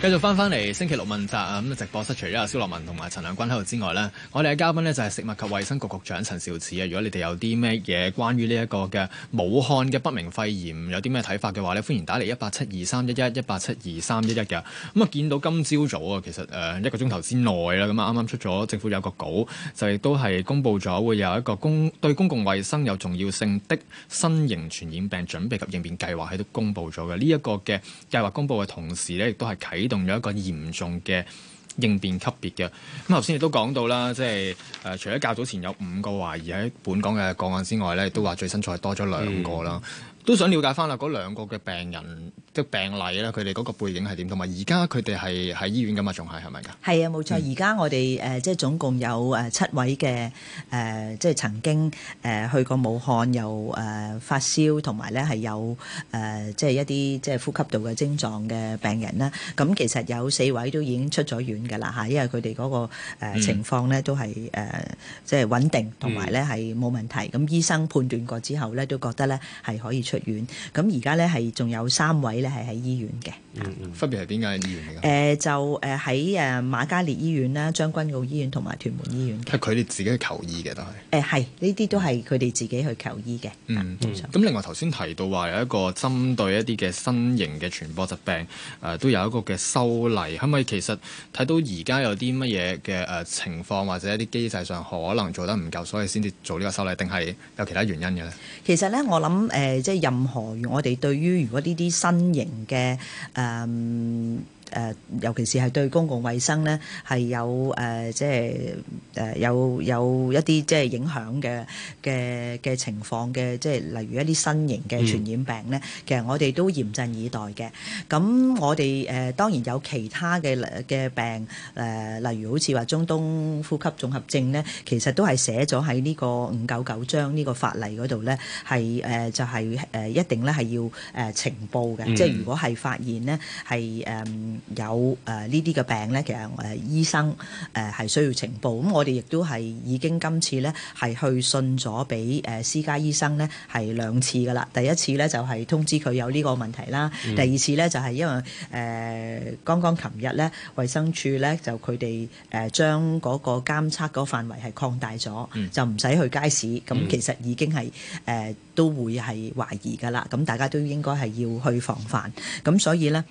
繼續翻翻嚟，星期六問責啊！咁直播室除咗阿蕭洛汶同埋陳亮均喺度之外呢，我哋嘅嘉賓呢就係食物及衛生局局長陳肇始。啊！如果你哋有啲咩嘢關於呢一個嘅武漢嘅不明肺炎有啲咩睇法嘅話呢，歡迎打嚟一八七二三一一一八七二三一一嘅。咁啊，見到今朝早啊，其實誒一個鐘頭之內啦，咁啊啱啱出咗政府有個稿，就亦都係公布咗會有一個公對公共衛生有重要性的新型傳染病準備及應變計劃喺度公布咗嘅。呢一個嘅計劃公布嘅同時呢，亦都係啟。用咗一個嚴重嘅應變級別嘅。咁，頭先亦都講到啦，即係誒、呃，除咗較早前有五個懷疑喺本港嘅個案之外咧，亦都話最新再多咗兩個啦，嗯、都想了解翻啦，嗰兩個嘅病人。即係病例咧，佢哋嗰個背景係點，同埋而家佢哋係喺醫院㗎嘛，仲係係咪㗎？係啊，冇錯。而家我哋誒即係總共有誒七位嘅誒，即係曾經誒去過武漢又誒發燒，同埋咧係有誒即係一啲即係呼吸道嘅症狀嘅病人啦。咁其實有四位都已經出咗院㗎啦嚇，因為佢哋嗰個誒情況咧都係誒即係穩定，同埋咧係冇問題。咁醫生判斷過之後咧，都覺得咧係可以出院。咁而家咧係仲有三位。你係喺醫院嘅，嗯嗯啊，分別係邊間醫院嚟嘅？誒、呃，就誒喺誒瑪嘉烈醫院啦、將軍澳醫院同埋屯門醫院嘅。係佢哋自己去求醫嘅？啊，都係。誒，係呢啲都係佢哋自己去求醫嘅。嗯，咁另外頭先提到話有一個針對一啲嘅新型嘅傳播疾病，誒、呃，都有一個嘅修例，可唔可以？其實睇到而家有啲乜嘢嘅誒情況，或者一啲機制上可能做得唔夠，所以先至做呢個修例，定係有其他原因嘅咧？其實咧，我諗誒、呃，即係任何我哋對於如果呢啲新型嘅誒。誒、呃，尤其是係對公共衛生咧，係有誒、呃，即係誒、呃，有有一啲即係影響嘅嘅嘅情況嘅，即係例如一啲新型嘅傳染病咧，嗯、其實我哋都嚴陣以待嘅。咁我哋誒、呃、當然有其他嘅嘅病誒、呃，例如好似話中東呼吸綜合症咧，其實都係寫咗喺呢個五九九章呢個法例嗰度咧，係誒、呃、就係、是、誒、呃、一定咧係要誒呈、呃、報嘅，嗯、即係如果係發現呢，係誒、呃有誒呢啲嘅病咧，其實誒、呃、醫生誒係、呃、需要情報。咁我哋亦都係已經今次咧係去信咗俾誒私家醫生咧係兩次噶啦。第一次咧就係、是、通知佢有呢個問題啦。第二次咧就係、是、因為誒、呃、剛剛琴日咧，衛生處咧就佢哋誒將嗰個監測嗰個範圍係擴大咗，嗯、就唔使去街市。咁其實已經係誒、呃、都會係懷疑噶啦。咁大家都應該係要去防範。咁所以咧。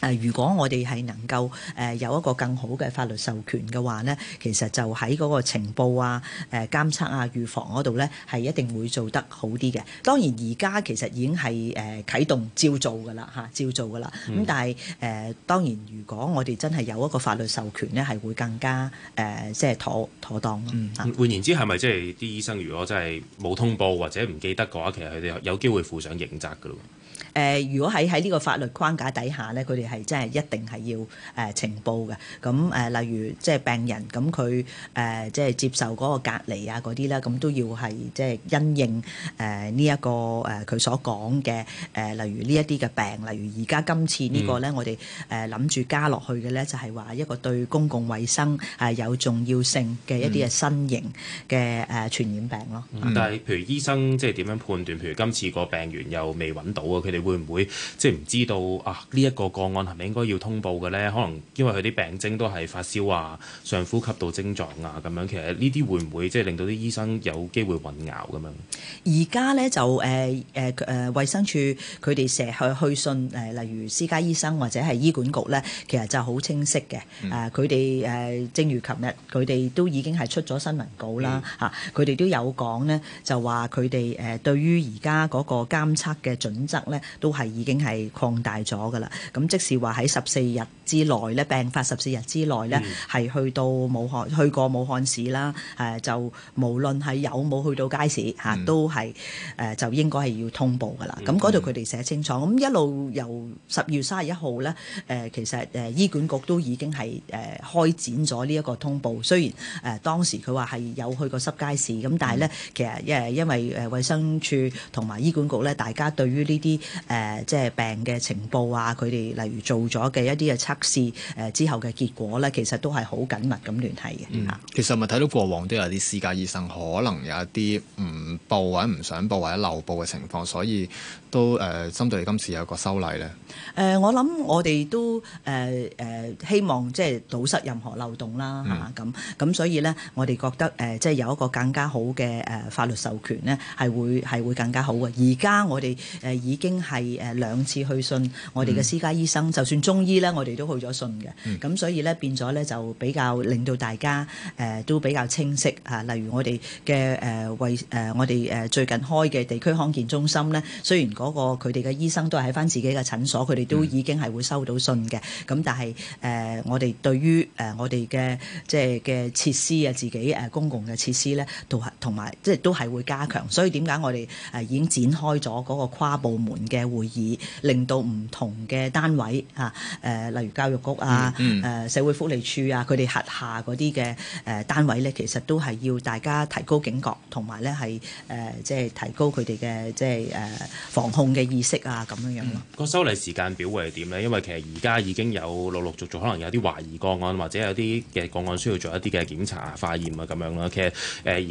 誒，如果我哋係能夠誒有一個更好嘅法律授權嘅話呢，其實就喺嗰個情報啊、誒監測啊、預防嗰度呢，係一定會做得好啲嘅。當然而家其實已經係誒啟動照做㗎喇，嚇照做㗎喇。咁、嗯、但係誒、呃，當然如果我哋真係有一個法律授權呢，係會更加誒、呃、即係妥妥當咯。嗯、換言之，係咪即係啲醫生如果真係冇通報或者唔記得嘅話，其實佢哋有機會負上刑責㗎咯？誒，如果喺喺呢個法律框架底下咧，佢哋係真係一定係要誒呈報嘅。咁誒，例如即係病人，咁佢誒即係接受嗰個隔離啊，嗰啲啦，咁都要係即係因應誒呢一個誒佢所講嘅誒，例如呢一啲嘅病，例如而家今次呢、呢個咧，嗯、我哋誒諗住加落去嘅咧，就係話一個對公共衛生係有重要性嘅一啲嘅新型嘅誒傳染病咯。嗯、但係譬如醫生即係點樣判斷？譬如今次個病源又未揾到啊，佢哋。會唔會即係唔知道啊？呢、這、一個個案係咪應該要通報嘅咧？可能因為佢啲病徵都係發燒啊、上呼吸道症狀啊咁樣，其實呢啲會唔會即係令到啲醫生有機會混淆咁、啊、樣？而家咧就誒誒誒，衛生署佢哋成日去去信誒、呃，例如私家醫生或者係醫管局咧，其實就好清晰嘅。誒，佢哋誒，正如琴日佢哋都已經係出咗新聞稿啦，嚇、嗯啊，佢哋都有講咧，就話佢哋誒對於而家嗰個監測嘅準則咧。都係已經係擴大咗噶啦，咁即使話喺十四日之內咧，病發十四日之內咧，係、嗯、去到武漢去過武漢市啦，誒、啊、就無論係有冇去到街市嚇，啊嗯、都係誒、啊、就應該係要通報噶啦。咁嗰度佢哋寫清楚。咁一路由十月卅一號咧，誒、呃、其實誒、呃、醫管局都已經係誒、呃、開展咗呢一個通報。雖然誒、呃、當時佢話係有去過濕街市，咁但係咧、嗯、其實誒、呃、因為誒衛生署同埋醫管局咧，大家對於呢啲。誒、呃，即係病嘅情報啊，佢哋例如做咗嘅一啲嘅測試，誒、呃、之後嘅結果咧，其實都係好緊密咁聯繫嘅。嗯，是其實咪睇到過往都有啲私家醫生可能有一啲唔報或者唔想報或者漏報嘅情況，所以都誒針、呃、對今次有個修例咧。誒、呃，我諗我哋都誒誒、呃呃、希望即係堵塞任何漏洞啦嚇咁咁，嗯、所以咧我哋覺得誒、呃、即係有一個更加好嘅誒、呃、法律授權咧，係會係會更加好嘅。而家我哋誒、呃、已經。係誒兩次去信我哋嘅私家醫生，嗯、就算中醫咧，我哋都去咗信嘅。咁、嗯、所以咧變咗咧就比較令到大家都比較清晰啊。例如我哋嘅、呃呃、我哋最近開嘅地區康健中心咧，雖然嗰個佢哋嘅醫生都係喺翻自己嘅診所，佢哋都已經係會收到信嘅。咁、嗯、但係、呃、我哋對於、呃、我哋嘅即係嘅設施啊，自己公共嘅設施咧，都係同埋即係都係會加強。所以點解我哋已經展開咗嗰個跨部門嘅嘅會議令到唔同嘅單位啊，誒、呃，例如教育局啊，嗯，誒、嗯呃，社會福利署啊，佢哋轄下嗰啲嘅誒單位咧，其實都係要大家提高警覺，同埋咧係誒即係提高佢哋嘅即係誒、呃、防控嘅意識啊，咁樣樣咯。嗯嗯、個修例時間表會係點咧？因為其實而家已經有陸陸續續可能有啲懷疑個案，或者有啲嘅個案需要做一啲嘅檢查、化驗啊，咁樣啦。其實誒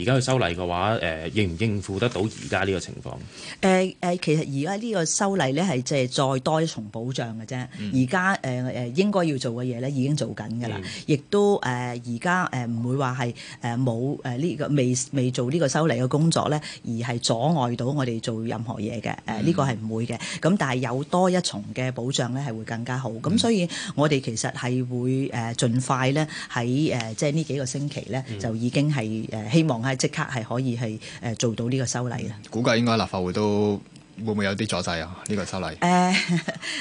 而家去修例嘅話，誒、呃、應唔應付得到而家呢個情況誒誒、呃呃、其實而家呢個。修例咧係即係再多一重保障嘅啫、嗯，而家誒誒應該要做嘅嘢咧已經做緊嘅啦，亦都誒而家誒唔會話係誒冇誒呢個未未做呢個修例嘅工作咧，而係阻礙到我哋做任何嘢嘅，誒呢個係唔會嘅，咁但係有多一重嘅保障咧係會更加好，咁、嗯、所以我哋其實係會誒盡快咧喺誒即係呢幾個星期咧就已經係誒希望係即刻係可以係誒做到呢個修例啦。估計應該立法會都。會唔會有啲阻滯啊？呢、這個修例？誒誒、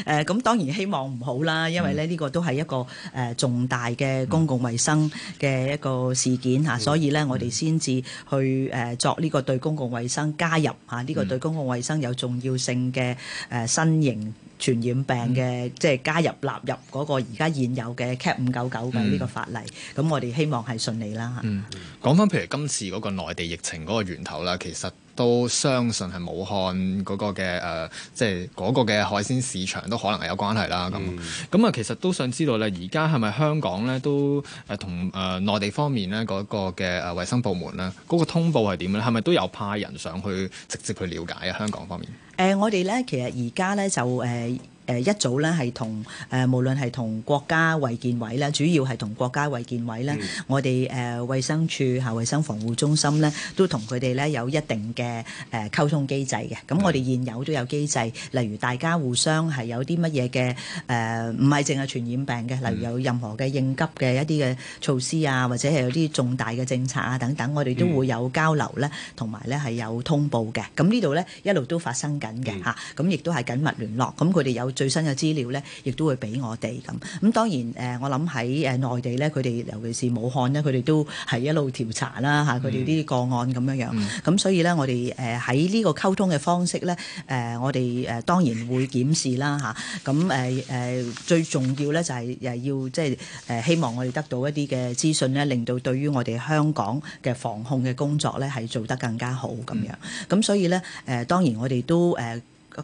呃，咁、呃、當然希望唔好啦，因為咧呢個都係一個誒重大嘅公共衛生嘅一個事件嚇，嗯、所以咧、嗯、我哋先至去誒、呃、作呢個對公共衛生加入嚇，呢、啊這個對公共衛生有重要性嘅誒、呃、新型傳染病嘅即係加入納入嗰個而家現有嘅 Cap 五九九嘅呢個法例，咁、嗯、我哋希望係順利啦。嗯，講返譬如今次嗰個內地疫情嗰個源頭啦，其實。都相信係武漢嗰個嘅誒，即係嗰個嘅海鮮市場都可能係有關係啦。咁咁啊，其實都想知道咧，而家係咪香港咧都誒同誒內地方面咧嗰個嘅誒衛生部門咧嗰個通報係點咧？係咪都有派人上去直接去了解啊？香港方面，誒、呃、我哋咧其實而家咧就誒。呃呃、一早咧係同誒無論係同國家衞健委咧，主要係同國家衞健委咧，嗯、我哋誒衛生處嚇衛生防護中心咧，都同佢哋咧有一定嘅誒、呃、溝通機制嘅。咁我哋現有都有機制，例如大家互相係有啲乜嘢嘅誒，唔係淨係傳染病嘅，例如有任何嘅應急嘅一啲嘅措施啊，或者係有啲重大嘅政策啊等等，我哋都會有交流咧，同埋咧係有通報嘅。咁呢度咧一路都發生緊嘅嚇，咁亦都係緊密聯絡，咁佢哋有，最新嘅資料咧，亦都會俾我哋咁。咁當然誒，我諗喺誒內地咧，佢哋尤其是武漢咧，佢哋都係一路調查啦嚇，佢哋啲個案咁樣樣。咁、嗯嗯、所以咧，我哋誒喺呢個溝通嘅方式咧，誒我哋誒當然會檢視啦嚇。咁誒誒最重要咧，就係誒要即係誒希望我哋得到一啲嘅資訊咧，令到對於我哋香港嘅防控嘅工作咧，係做得更加好咁樣。咁、嗯、所以咧誒，當然我哋都誒。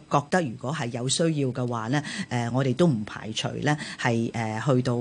覺得如果係有需要嘅話咧，誒我哋都唔排除咧係誒去到誒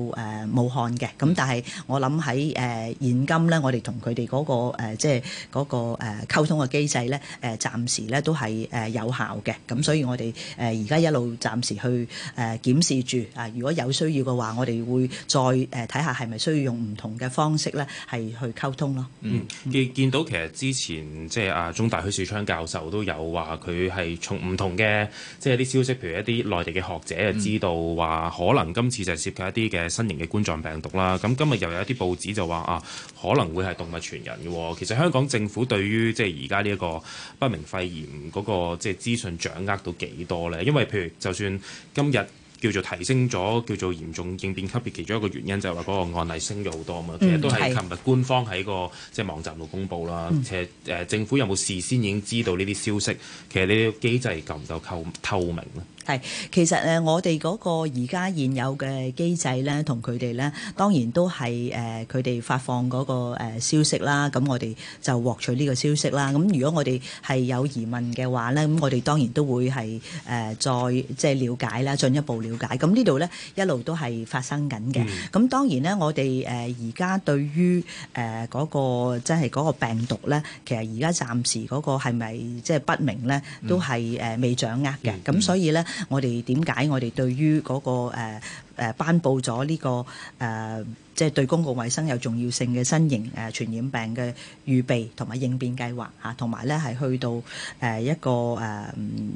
武漢嘅。咁但係我諗喺誒現今咧、那個，我哋同佢哋嗰個誒即係嗰個誒溝通嘅機制咧，誒暫時咧都係誒有效嘅。咁所以我哋誒而家一路暫時去誒檢視住啊，如果有需要嘅話，我哋會再誒睇下係咪需要用唔同嘅方式咧係去溝通咯。嗯，見、嗯、見到其實之前即係阿中大許樹昌教授都有話，佢係從唔同嘅。嘅即係啲消息，譬如一啲內地嘅學者就知道話可能今次就係涉及一啲嘅新型嘅冠狀病毒啦。咁今日又有一啲報紙就話啊，可能會係動物傳人嘅。其實香港政府對於即係而家呢一個不明肺炎嗰個即係資訊掌握到幾多呢？因為譬如就算今日。叫做提升咗叫做嚴重應變級別，其中一個原因就係話嗰個案例升咗好多啊嘛，嗯、其實都係琴日官方喺個即、即係、網站度公佈啦，其實誒、嗯呃、政府有冇事先已經知道呢啲消息？其實呢啲機制夠唔夠透透明咧？係，其實誒我哋嗰個而家現有嘅機制咧，同佢哋咧，當然都係誒，佢、呃、哋發放嗰、那個呃、個消息啦。咁我哋就獲取呢個消息啦。咁如果我哋係有疑問嘅話咧，咁我哋當然都會係誒、呃、再即係了解啦，進一步了解。咁呢度咧一路都係發生緊嘅。咁、嗯、當然咧，我哋誒而家對於誒嗰、呃那個即係嗰個病毒咧，其實而家暫時嗰個係咪即係不明咧，都係、呃、未掌握嘅。咁所以咧。嗯嗯我哋點解我哋對於嗰、那個誒誒頒佈咗呢個誒？呃即係對公共衛生有重要性嘅新型誒傳染病嘅預備同埋應變計劃嚇，同埋咧係去到誒一個誒、呃、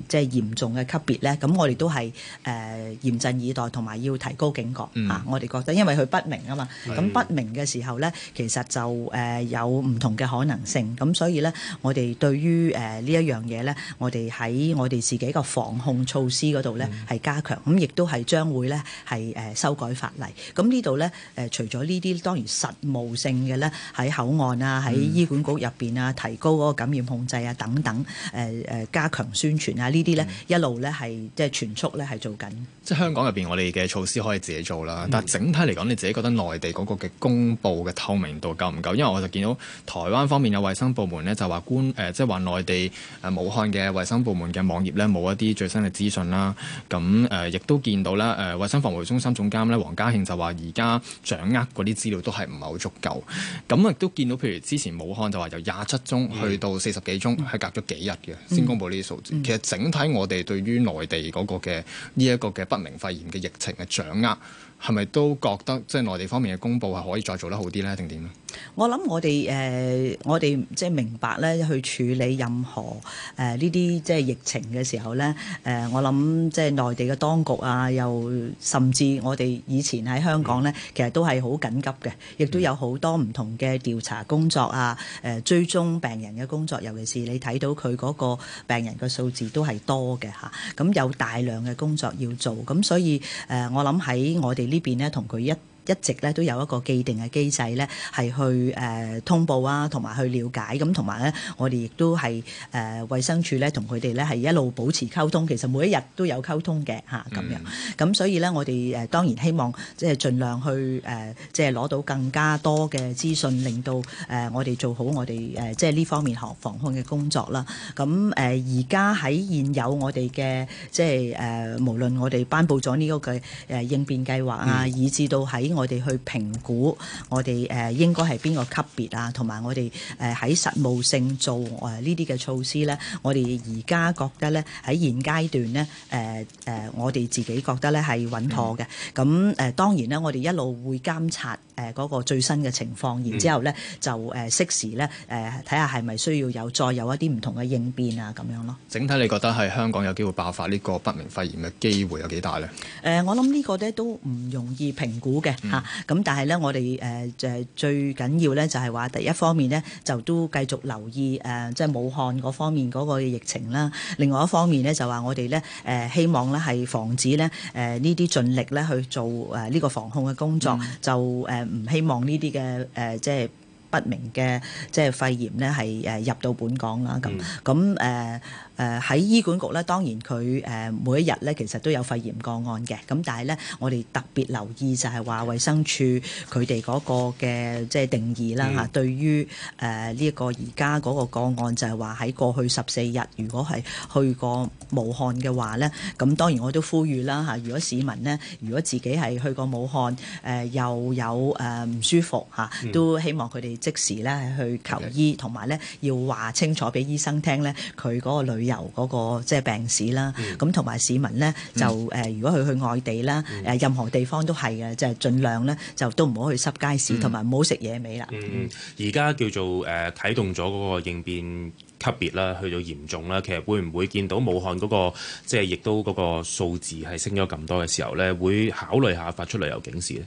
即係嚴重嘅級別咧，咁我哋都係誒、呃、嚴陣以待，同埋要提高警覺嚇、嗯啊。我哋覺得因為佢不明啊嘛，咁的不明嘅時候咧，其實就誒、呃、有唔同嘅可能性，咁所以咧，我哋對於誒、呃、呢一樣嘢咧，我哋喺我哋自己個防控措施嗰度咧係加強，咁、嗯、亦都係將會咧係誒修改法例。咁呢度咧誒除呃除咗呢啲當然實務性嘅咧，喺口岸啊，喺醫管局入邊啊，提高嗰個感染控制啊，等等，誒、呃、誒加強宣傳啊，呢啲咧、嗯、一路咧係即係全速咧係做緊，即係香港入邊我哋嘅措施可以自己做啦，但係整體嚟講，你自己覺得內地嗰個嘅公佈嘅透明度夠唔夠？因為我就見到台灣方面有衛生部門咧就話官誒即係話內地誒武漢嘅衛生部門嘅網頁咧冇一啲最新嘅資訊啦。咁誒亦都見到咧誒衛生防護中心總監咧黃家慶就話而家掌。呃，嗰啲資料都係唔係好足夠，咁亦都見到，譬如之前武漢就話由廿七宗去到四十幾宗，係隔咗幾日嘅先公布呢啲數字。嗯嗯、其實整體我哋對於內地嗰個嘅呢一個嘅不明肺炎嘅疫情嘅掌握，係咪都覺得即係、就是、內地方面嘅公佈係可以再做得好啲呢？定點呢？我諗我哋、呃、我哋即係明白咧，去處理任何呢啲即係疫情嘅時候咧、呃，我諗即係內地嘅當局啊，又甚至我哋以前喺香港咧，其實都係好緊急嘅，亦都有好多唔同嘅調查工作啊，誒、呃、追蹤病人嘅工作，尤其是你睇到佢嗰個病人嘅數字都係多嘅吓、咁、啊、有大量嘅工作要做，咁所以、呃、我諗喺我哋呢邊咧同佢一一直咧都有一個既定嘅機制咧，係去誒通報啊，同埋去了解咁，同埋咧我哋亦都係誒衛生署咧同佢哋咧係一路保持溝通，其實每一日都有溝通嘅吓，咁、嗯、樣，咁所以咧，我哋誒當然希望即係盡量去誒即係攞到更加多嘅資訊，令到誒我哋做好我哋誒即係呢方面學防控嘅工作啦。咁誒而家喺現有我哋嘅即係誒無論我哋頒布咗呢個嘅誒應變計劃啊，嗯、以至到喺我哋去評估我哋誒應該係邊個級別啊，同埋我哋誒喺實務性做誒呢啲嘅措施咧，我哋而家覺得咧喺現階段咧誒誒，我哋自己覺得咧係穩妥嘅。咁誒、嗯、當然啦，我哋一路會監察誒嗰個最新嘅情況，然之後咧就誒適時咧誒睇下係咪需要有再有一啲唔同嘅應變啊咁樣咯。整體你覺得係香港有機會爆發呢個不明肺炎嘅機會有幾大咧？誒、呃，我諗呢個咧都唔容易評估嘅。嚇，咁、嗯、但係咧，我哋誒誒最緊要咧，就係話第一方面咧，就都繼續留意誒、呃，即係武漢嗰方面嗰個疫情啦。另外一方面咧，就話我哋咧誒希望咧係防止咧誒呢啲盡力咧去做誒呢個防控嘅工作，嗯、就誒唔希望呢啲嘅誒即係不明嘅即係肺炎咧係誒入到本港啦咁咁誒。誒喺醫管局咧，當然佢誒每一日咧，其實都有肺炎個案嘅。咁但係咧，我哋特別留意就係話，衞生署佢哋嗰個嘅即係定義啦嚇，對於誒呢一個而家嗰個個案，就係話喺過去十四日，如果係去過武漢嘅話咧，咁當然我都呼籲啦嚇，如果市民呢，如果自己係去過武漢誒又有誒唔舒服嚇，都希望佢哋即時咧去求醫，同埋咧要話清楚俾醫生聽咧，佢嗰個女。由嗰個即係病史啦，咁同埋市民呢，就誒，如果佢去外地啦，誒任何地方都係嘅，即係儘量呢，就都唔好去濕街市，同埋唔好食野味啦。嗯，而、嗯、家、嗯、叫做誒、呃、啟動咗嗰個應變級別啦，去到嚴重啦，其實會唔會見到武漢嗰、那個即係亦都嗰個數字係升咗咁多嘅時候呢，會考慮一下發出旅遊警示呢？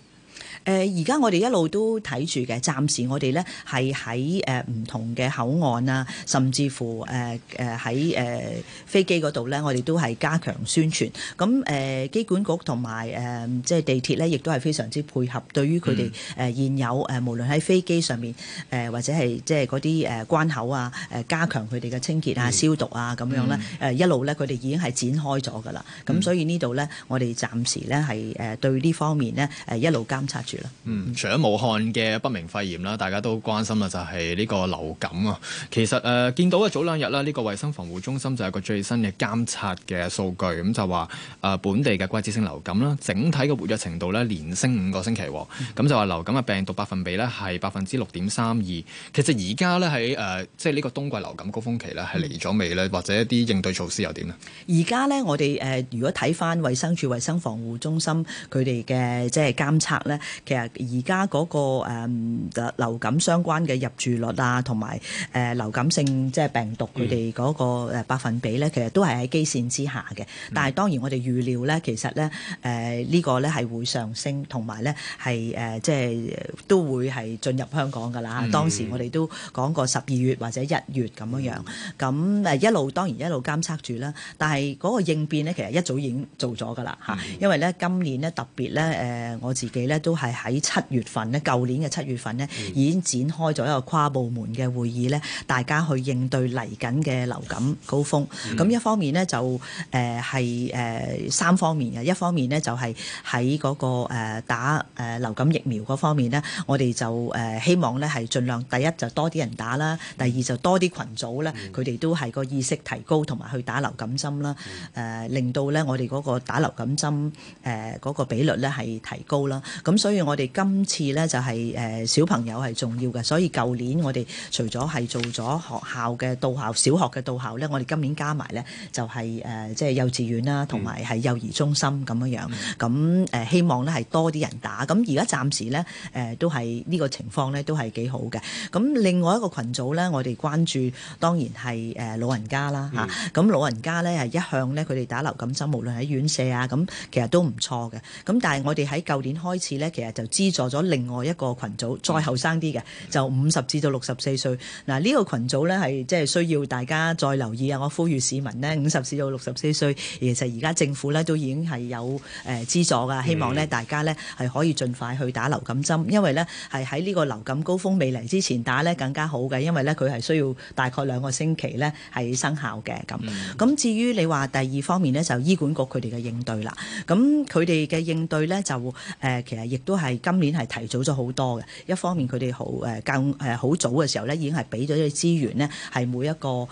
誒而家我哋一路都睇住嘅，暫時我哋咧係喺誒唔同嘅口岸啊，甚至乎誒誒喺誒飛機嗰度咧，我哋都係加強宣傳。咁誒、呃、機管局同埋誒即係地鐵咧，亦都係非常之配合，對於佢哋誒現有誒、嗯、無論喺飛機上面誒、呃、或者係即係嗰啲誒關口啊誒加強佢哋嘅清潔啊、嗯、消毒啊咁樣咧誒、嗯、一路咧佢哋已經係展開咗㗎啦。咁、嗯、所以這裡呢度咧，我哋暫時咧係誒對呢方面咧誒一路監察住。嗯，除咗武漢嘅不明肺炎啦，大家都關心啦，就係呢個流感啊。其實誒、呃，見到啊早兩日啦，呢、這個衛生防護中心就有一個最新嘅監測嘅數據，咁就話誒本地嘅季節性流感啦，整體嘅活躍程度咧連升五個星期。咁、嗯、就話流感嘅病毒百分比咧係百分之六點三二。其實而家咧喺誒即係呢、呃就是、個冬季流感高峰期咧係嚟咗未咧？或者一啲應對措施又點咧？而家咧我哋誒、呃、如果睇翻衛生署衛生防護中心佢哋嘅即係監測咧。他們的就是監察其實而家嗰個、嗯、流感相關嘅入住率啊，同埋誒流感性即係病毒佢哋嗰個百分比咧，嗯、其實都係喺基線之下嘅。嗯、但係當然我哋預料咧，其實咧誒呢、呃呢個咧係會上升，同埋咧係誒即係都會係進入香港㗎啦。嗯、當時我哋都講過十二月或者一月咁樣樣，咁誒、嗯、一路當然一路監測住啦。但係嗰個應變咧，其實一早已經做咗㗎啦嚇，嗯、因為咧今年咧特別咧誒、呃、我自己咧都係。喺七月份咧，舊年嘅七月份咧，已經展開咗一個跨部門嘅會議咧，大家去應對嚟緊嘅流感高峰。咁、嗯、一方面咧就誒係誒三方面嘅，一方面咧就係喺嗰個誒、呃、打誒、呃、流感疫苗嗰方面咧，我哋就誒、呃、希望咧係盡量第一就多啲人打啦，第二就多啲群組咧，佢哋、嗯、都係個意識提高同埋去打流感針啦，誒、呃、令到咧我哋嗰個打流感針誒嗰個比率咧係提高啦。咁所以。我哋今次咧就係誒小朋友係重要嘅，所以舊年我哋除咗係做咗學校嘅到校、小學嘅到校咧，我哋今年加埋咧就係誒即係幼稚園啦，同埋係幼兒中心咁樣樣。咁誒希望咧係多啲人打。咁而家暫時咧誒都係呢個情況咧都係幾好嘅。咁另外一個羣組咧，我哋關注當然係誒老人家啦嚇。咁老人家咧係一向咧佢哋打流感針，無論喺院舍啊，咁其實都唔錯嘅。咁但係我哋喺舊年開始咧，其實就資助咗另外一個群組再後生啲嘅就五十至到六十四歲。嗱，呢個群組咧係即係需要大家再留意啊！我呼籲市民咧五十至到六十四歲，其實而家政府咧都已經係有誒資助噶，希望咧大家咧係可以盡快去打流感針，因為咧係喺呢個流感高峰未嚟之前打咧更加好嘅，因為咧佢係需要大概兩個星期咧係生效嘅咁。咁至於你話第二方面咧就醫管局佢哋嘅應對啦，咁佢哋嘅應對咧就誒、呃、其實亦都。係今年係提早咗好多嘅，一方面佢哋好誒更誒好、呃、早嘅時候咧，已經係俾咗啲資源咧，係每一個誒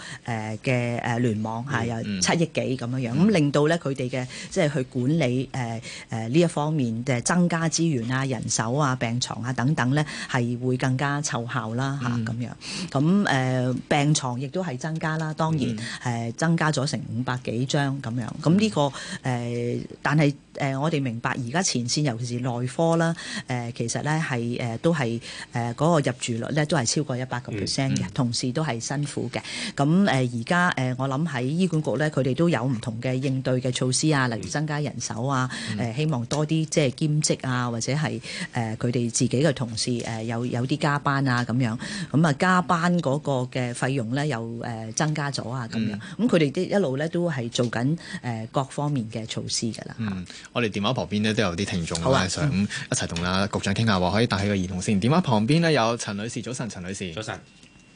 嘅誒聯網係、啊、有七億幾咁樣樣，咁令到咧佢哋嘅即係去管理誒誒呢一方面嘅增加資源啊、人手啊、病床啊等等咧，係會更加奏效啦嚇咁樣。咁、啊、誒、呃、病床亦都係增加啦，當然誒、呃、增加咗成五百幾張咁樣。咁呢、這個誒、呃，但係誒、呃、我哋明白而家前線，尤其是內科啦。呃誒、呃、其實咧係誒都係誒嗰個入住率咧都係超過一百個 percent 嘅，的嗯嗯、同事都係辛苦嘅。咁誒而家誒我諗喺醫管局咧，佢哋都有唔同嘅應對嘅措施啊，例如增加人手啊，誒、嗯呃、希望多啲即係兼職啊，或者係誒佢哋自己嘅同事誒有有啲加班啊咁樣。咁啊加班嗰個嘅費用咧又誒增加咗啊咁樣。咁佢哋都一路咧都係做緊誒各方面嘅措施㗎啦。嗯，我哋電話旁邊呢，都有啲聽眾咧、啊嗯、想一齊同啦，局長傾下話可以帶起個兒童先。電話旁邊呢有陳女士，早晨，陳女士。早晨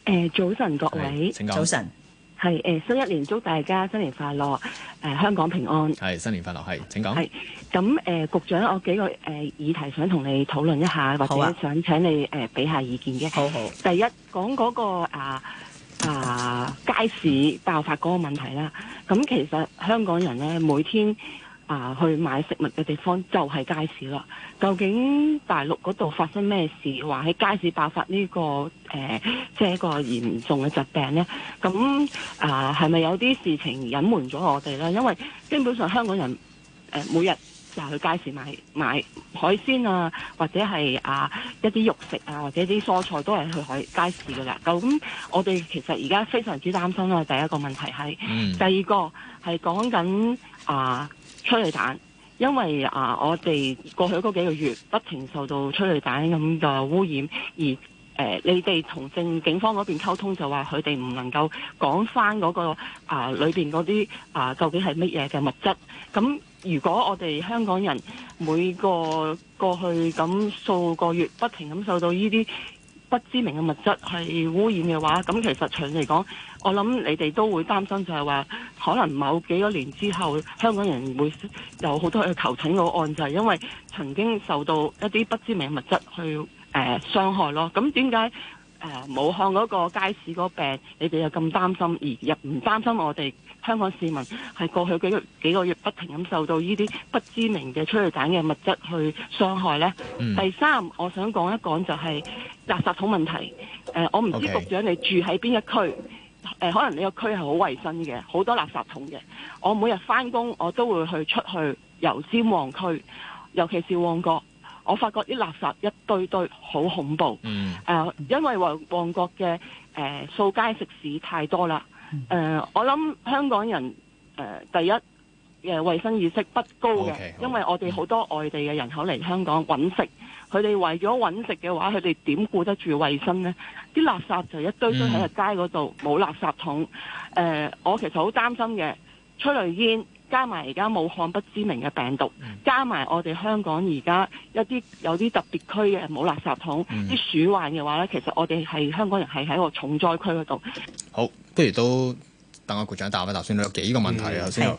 安。誒、呃，早晨各位。請講。早晨安。係誒，新一年祝大家新年快樂，誒、呃、香港平安。係新年快樂，係請講。係咁誒，局長，我幾個誒、呃、議題想同你討論一下，或者、啊、想請你誒俾、呃、下意見嘅。好好。第一講嗰、那個啊啊街市爆發嗰個問題啦。咁其實香港人呢每天。啊！去買食物嘅地方就係、是、街市啦。究竟大陸嗰度發生咩事？話喺街市爆發呢、這個誒，即、呃、係、就是、一個嚴重嘅疾病呢？咁啊，係、呃、咪有啲事情隱瞞咗我哋呢？因為基本上香港人、呃、每日就去街市買買海鮮啊，或者係啊一啲肉食啊，或者一啲蔬菜都係去海街市噶啦。咁我哋其實而家非常之擔心啊。第一個問題係，嗯、第二個係講緊啊。催淚彈，因為啊，我哋過去嗰幾個月不停受到催淚彈咁嘅污染，而誒、呃，你哋同政警方嗰邊溝通就話佢哋唔能夠講翻嗰個啊裏邊嗰啲啊究竟係乜嘢嘅物質。咁如果我哋香港人每個過去咁數個月不停咁受到呢啲。不知名嘅物質係污染嘅話，咁其實長嚟講，我諗你哋都會擔心就是說，就係話可能某幾多年之後，香港人會有好多去求診個案，就係、因為曾經受到一啲不知名嘅物質去誒、呃、傷害咯。咁點解武漢嗰個街市嗰病，你哋又咁擔心，而又唔擔心我哋？香港市民係過去幾個幾個月不停咁受到呢啲不知名嘅催淚彈嘅物質去傷害呢、嗯、第三，我想講一講就係垃圾桶問題。呃、我唔知局 Okay. 長你住喺邊一區。呃、可能呢個區係好衛生嘅，好多垃圾桶嘅。我每日返工，我都會去出去油尖旺區，尤其是旺角，我發覺啲垃圾一堆堆，好恐怖、嗯呃。因為旺角嘅誒掃街食肆太多啦。誒、嗯呃，我諗香港人誒、呃，第一嘅衛、呃、生意識不高嘅，okay, 好因為我哋好多外地嘅人口嚟香港揾食，佢哋為咗揾食嘅話，佢哋點顧得住衛生呢？啲垃圾就一堆堆喺個街嗰度，冇、嗯、垃圾桶。誒、呃，我其實好擔心嘅，催淚煙加埋而家武漢不知名嘅病毒，嗯、加埋我哋香港而家一啲有啲特別區嘅冇垃圾桶，啲、嗯、鼠患嘅話呢其實我哋係香港人係喺個重災區嗰度。好。不如都等阿局長答一答先啦，有幾個問題啊頭先。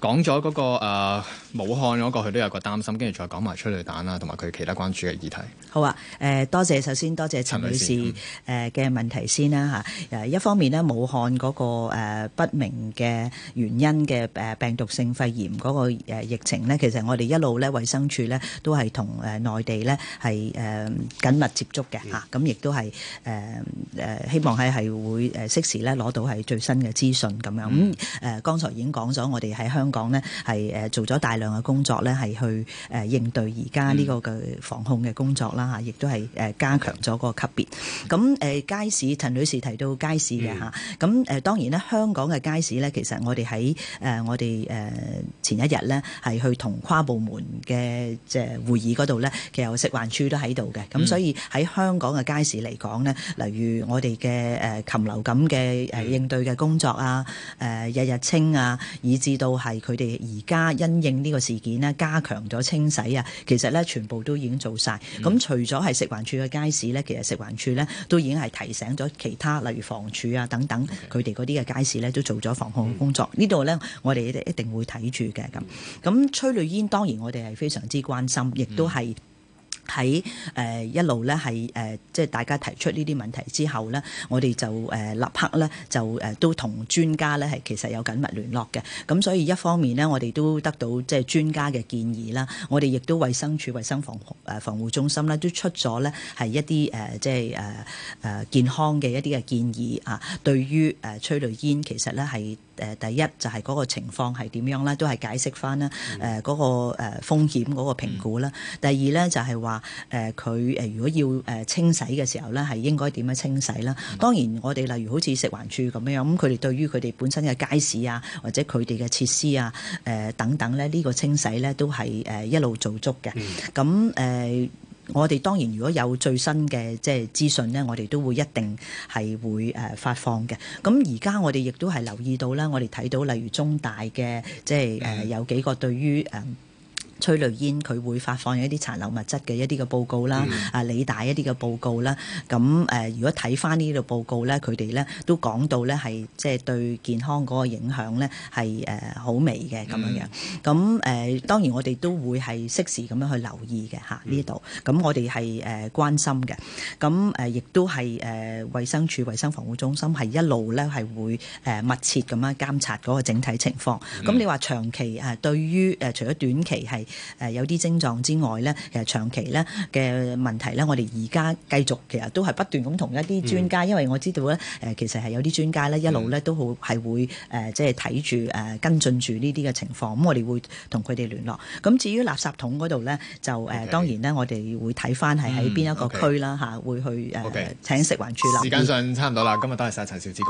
講咗嗰個誒武漢嗰個，佢都有個擔心，跟住再講埋催淚彈啦，同埋佢其他關注嘅議題。好啊，誒多謝首先多謝陳女士誒嘅問題先啦嚇。誒一方面咧，武漢嗰個誒不明嘅原因嘅誒病毒性肺炎嗰個誒疫情咧，其實我哋一路咧，衞生署咧都係同誒內地咧係誒緊密接觸嘅嚇，咁亦都係誒誒希望係係會誒適時咧攞到係最新嘅資訊咁樣。咁誒剛才已經講咗，我哋喺香。香港呢，係誒做咗大量嘅工作咧，係去誒、呃、應對而家呢個嘅防控嘅工作啦吓，亦、啊、都係誒加強咗個級別。咁誒、呃、街市，陳女士提到街市嘅吓，咁誒、嗯啊、當然咧，香港嘅街市呢，其實我哋喺誒我哋誒、呃、前一日呢，係去同跨部門嘅即係會議嗰度呢，其實有食環署都喺度嘅。咁、啊、所以喺香港嘅街市嚟講呢，例如我哋嘅誒禽流感嘅誒、呃、應對嘅工作啊，誒、呃、日日清啊，以至到係。佢哋而家因應呢個事件咧，加強咗清洗啊，其實呢，全部都已經做晒。咁、mm. 除咗係食環署嘅街市呢，其實食環署呢都已經係提醒咗其他，例如房署啊等等，佢哋嗰啲嘅街市呢都做咗防控嘅工作。呢度呢，我哋一定會睇住嘅咁。咁催淚煙當然我哋係非常之關心，亦都係。喺誒一路咧，係誒即係大家提出呢啲問題之後咧，我哋就誒立刻咧就誒都同專家咧係其實有緊密聯絡嘅。咁所以一方面咧，我哋都得到即係專家嘅建議啦。我哋亦都衞生署衞生防誒防護中心咧都出咗咧係一啲誒即係誒誒健康嘅一啲嘅建議啊。對於誒催淚煙，其實咧係。誒第一就係、是、嗰個情況係點樣啦，都係解釋返啦，誒嗰個誒風險嗰個評估啦。嗯、第二咧就係話誒佢誒如果要誒清洗嘅時候咧，係應該點樣清洗啦。嗯、當然我哋例如好似食環署咁樣，咁佢哋對於佢哋本身嘅街市啊，或者佢哋嘅設施啊，誒、呃、等等咧，呢、這個清洗咧都係誒一路做足嘅。咁誒、嗯。我哋當然如果有最新嘅即係資訊咧，我哋都會一定係會誒發放嘅。咁而家我哋亦都係留意到啦，我哋睇到例如中大嘅即係誒有幾個對於誒。催淚煙，佢會發放一啲殘留物質嘅一啲嘅報告啦，啊、嗯、理大一啲嘅報告啦。咁誒、呃，如果睇翻呢度報告咧，佢哋咧都講到咧係即係對健康嗰個影響咧係誒好微嘅咁樣樣。咁誒、嗯呃、當然我哋都會係適時咁樣去留意嘅嚇呢度。咁、嗯、我哋係誒關心嘅。咁誒亦都係誒衛生署衞生防護中心係一路咧係會誒密切咁樣監察嗰個整體情況。咁、嗯、你話長期誒對於誒、呃、除咗短期係。誒、呃、有啲症狀之外咧，其實長期咧嘅問題咧，我哋而家繼續其實都係不斷咁同一啲專家，嗯、因為我知道咧誒、呃，其實係有啲專家咧一路咧、嗯、都好係會誒、呃，即係睇住誒跟進住呢啲嘅情況，咁我哋會同佢哋聯絡。咁至於垃圾桶嗰度咧，就誒、呃、Okay, 當然咧，我哋會睇翻係喺邊一個區啦嚇，嗯、okay, 會去誒、呃、okay, 請食環署留意。時間上差唔多啦，今日多謝晒陳肇始局。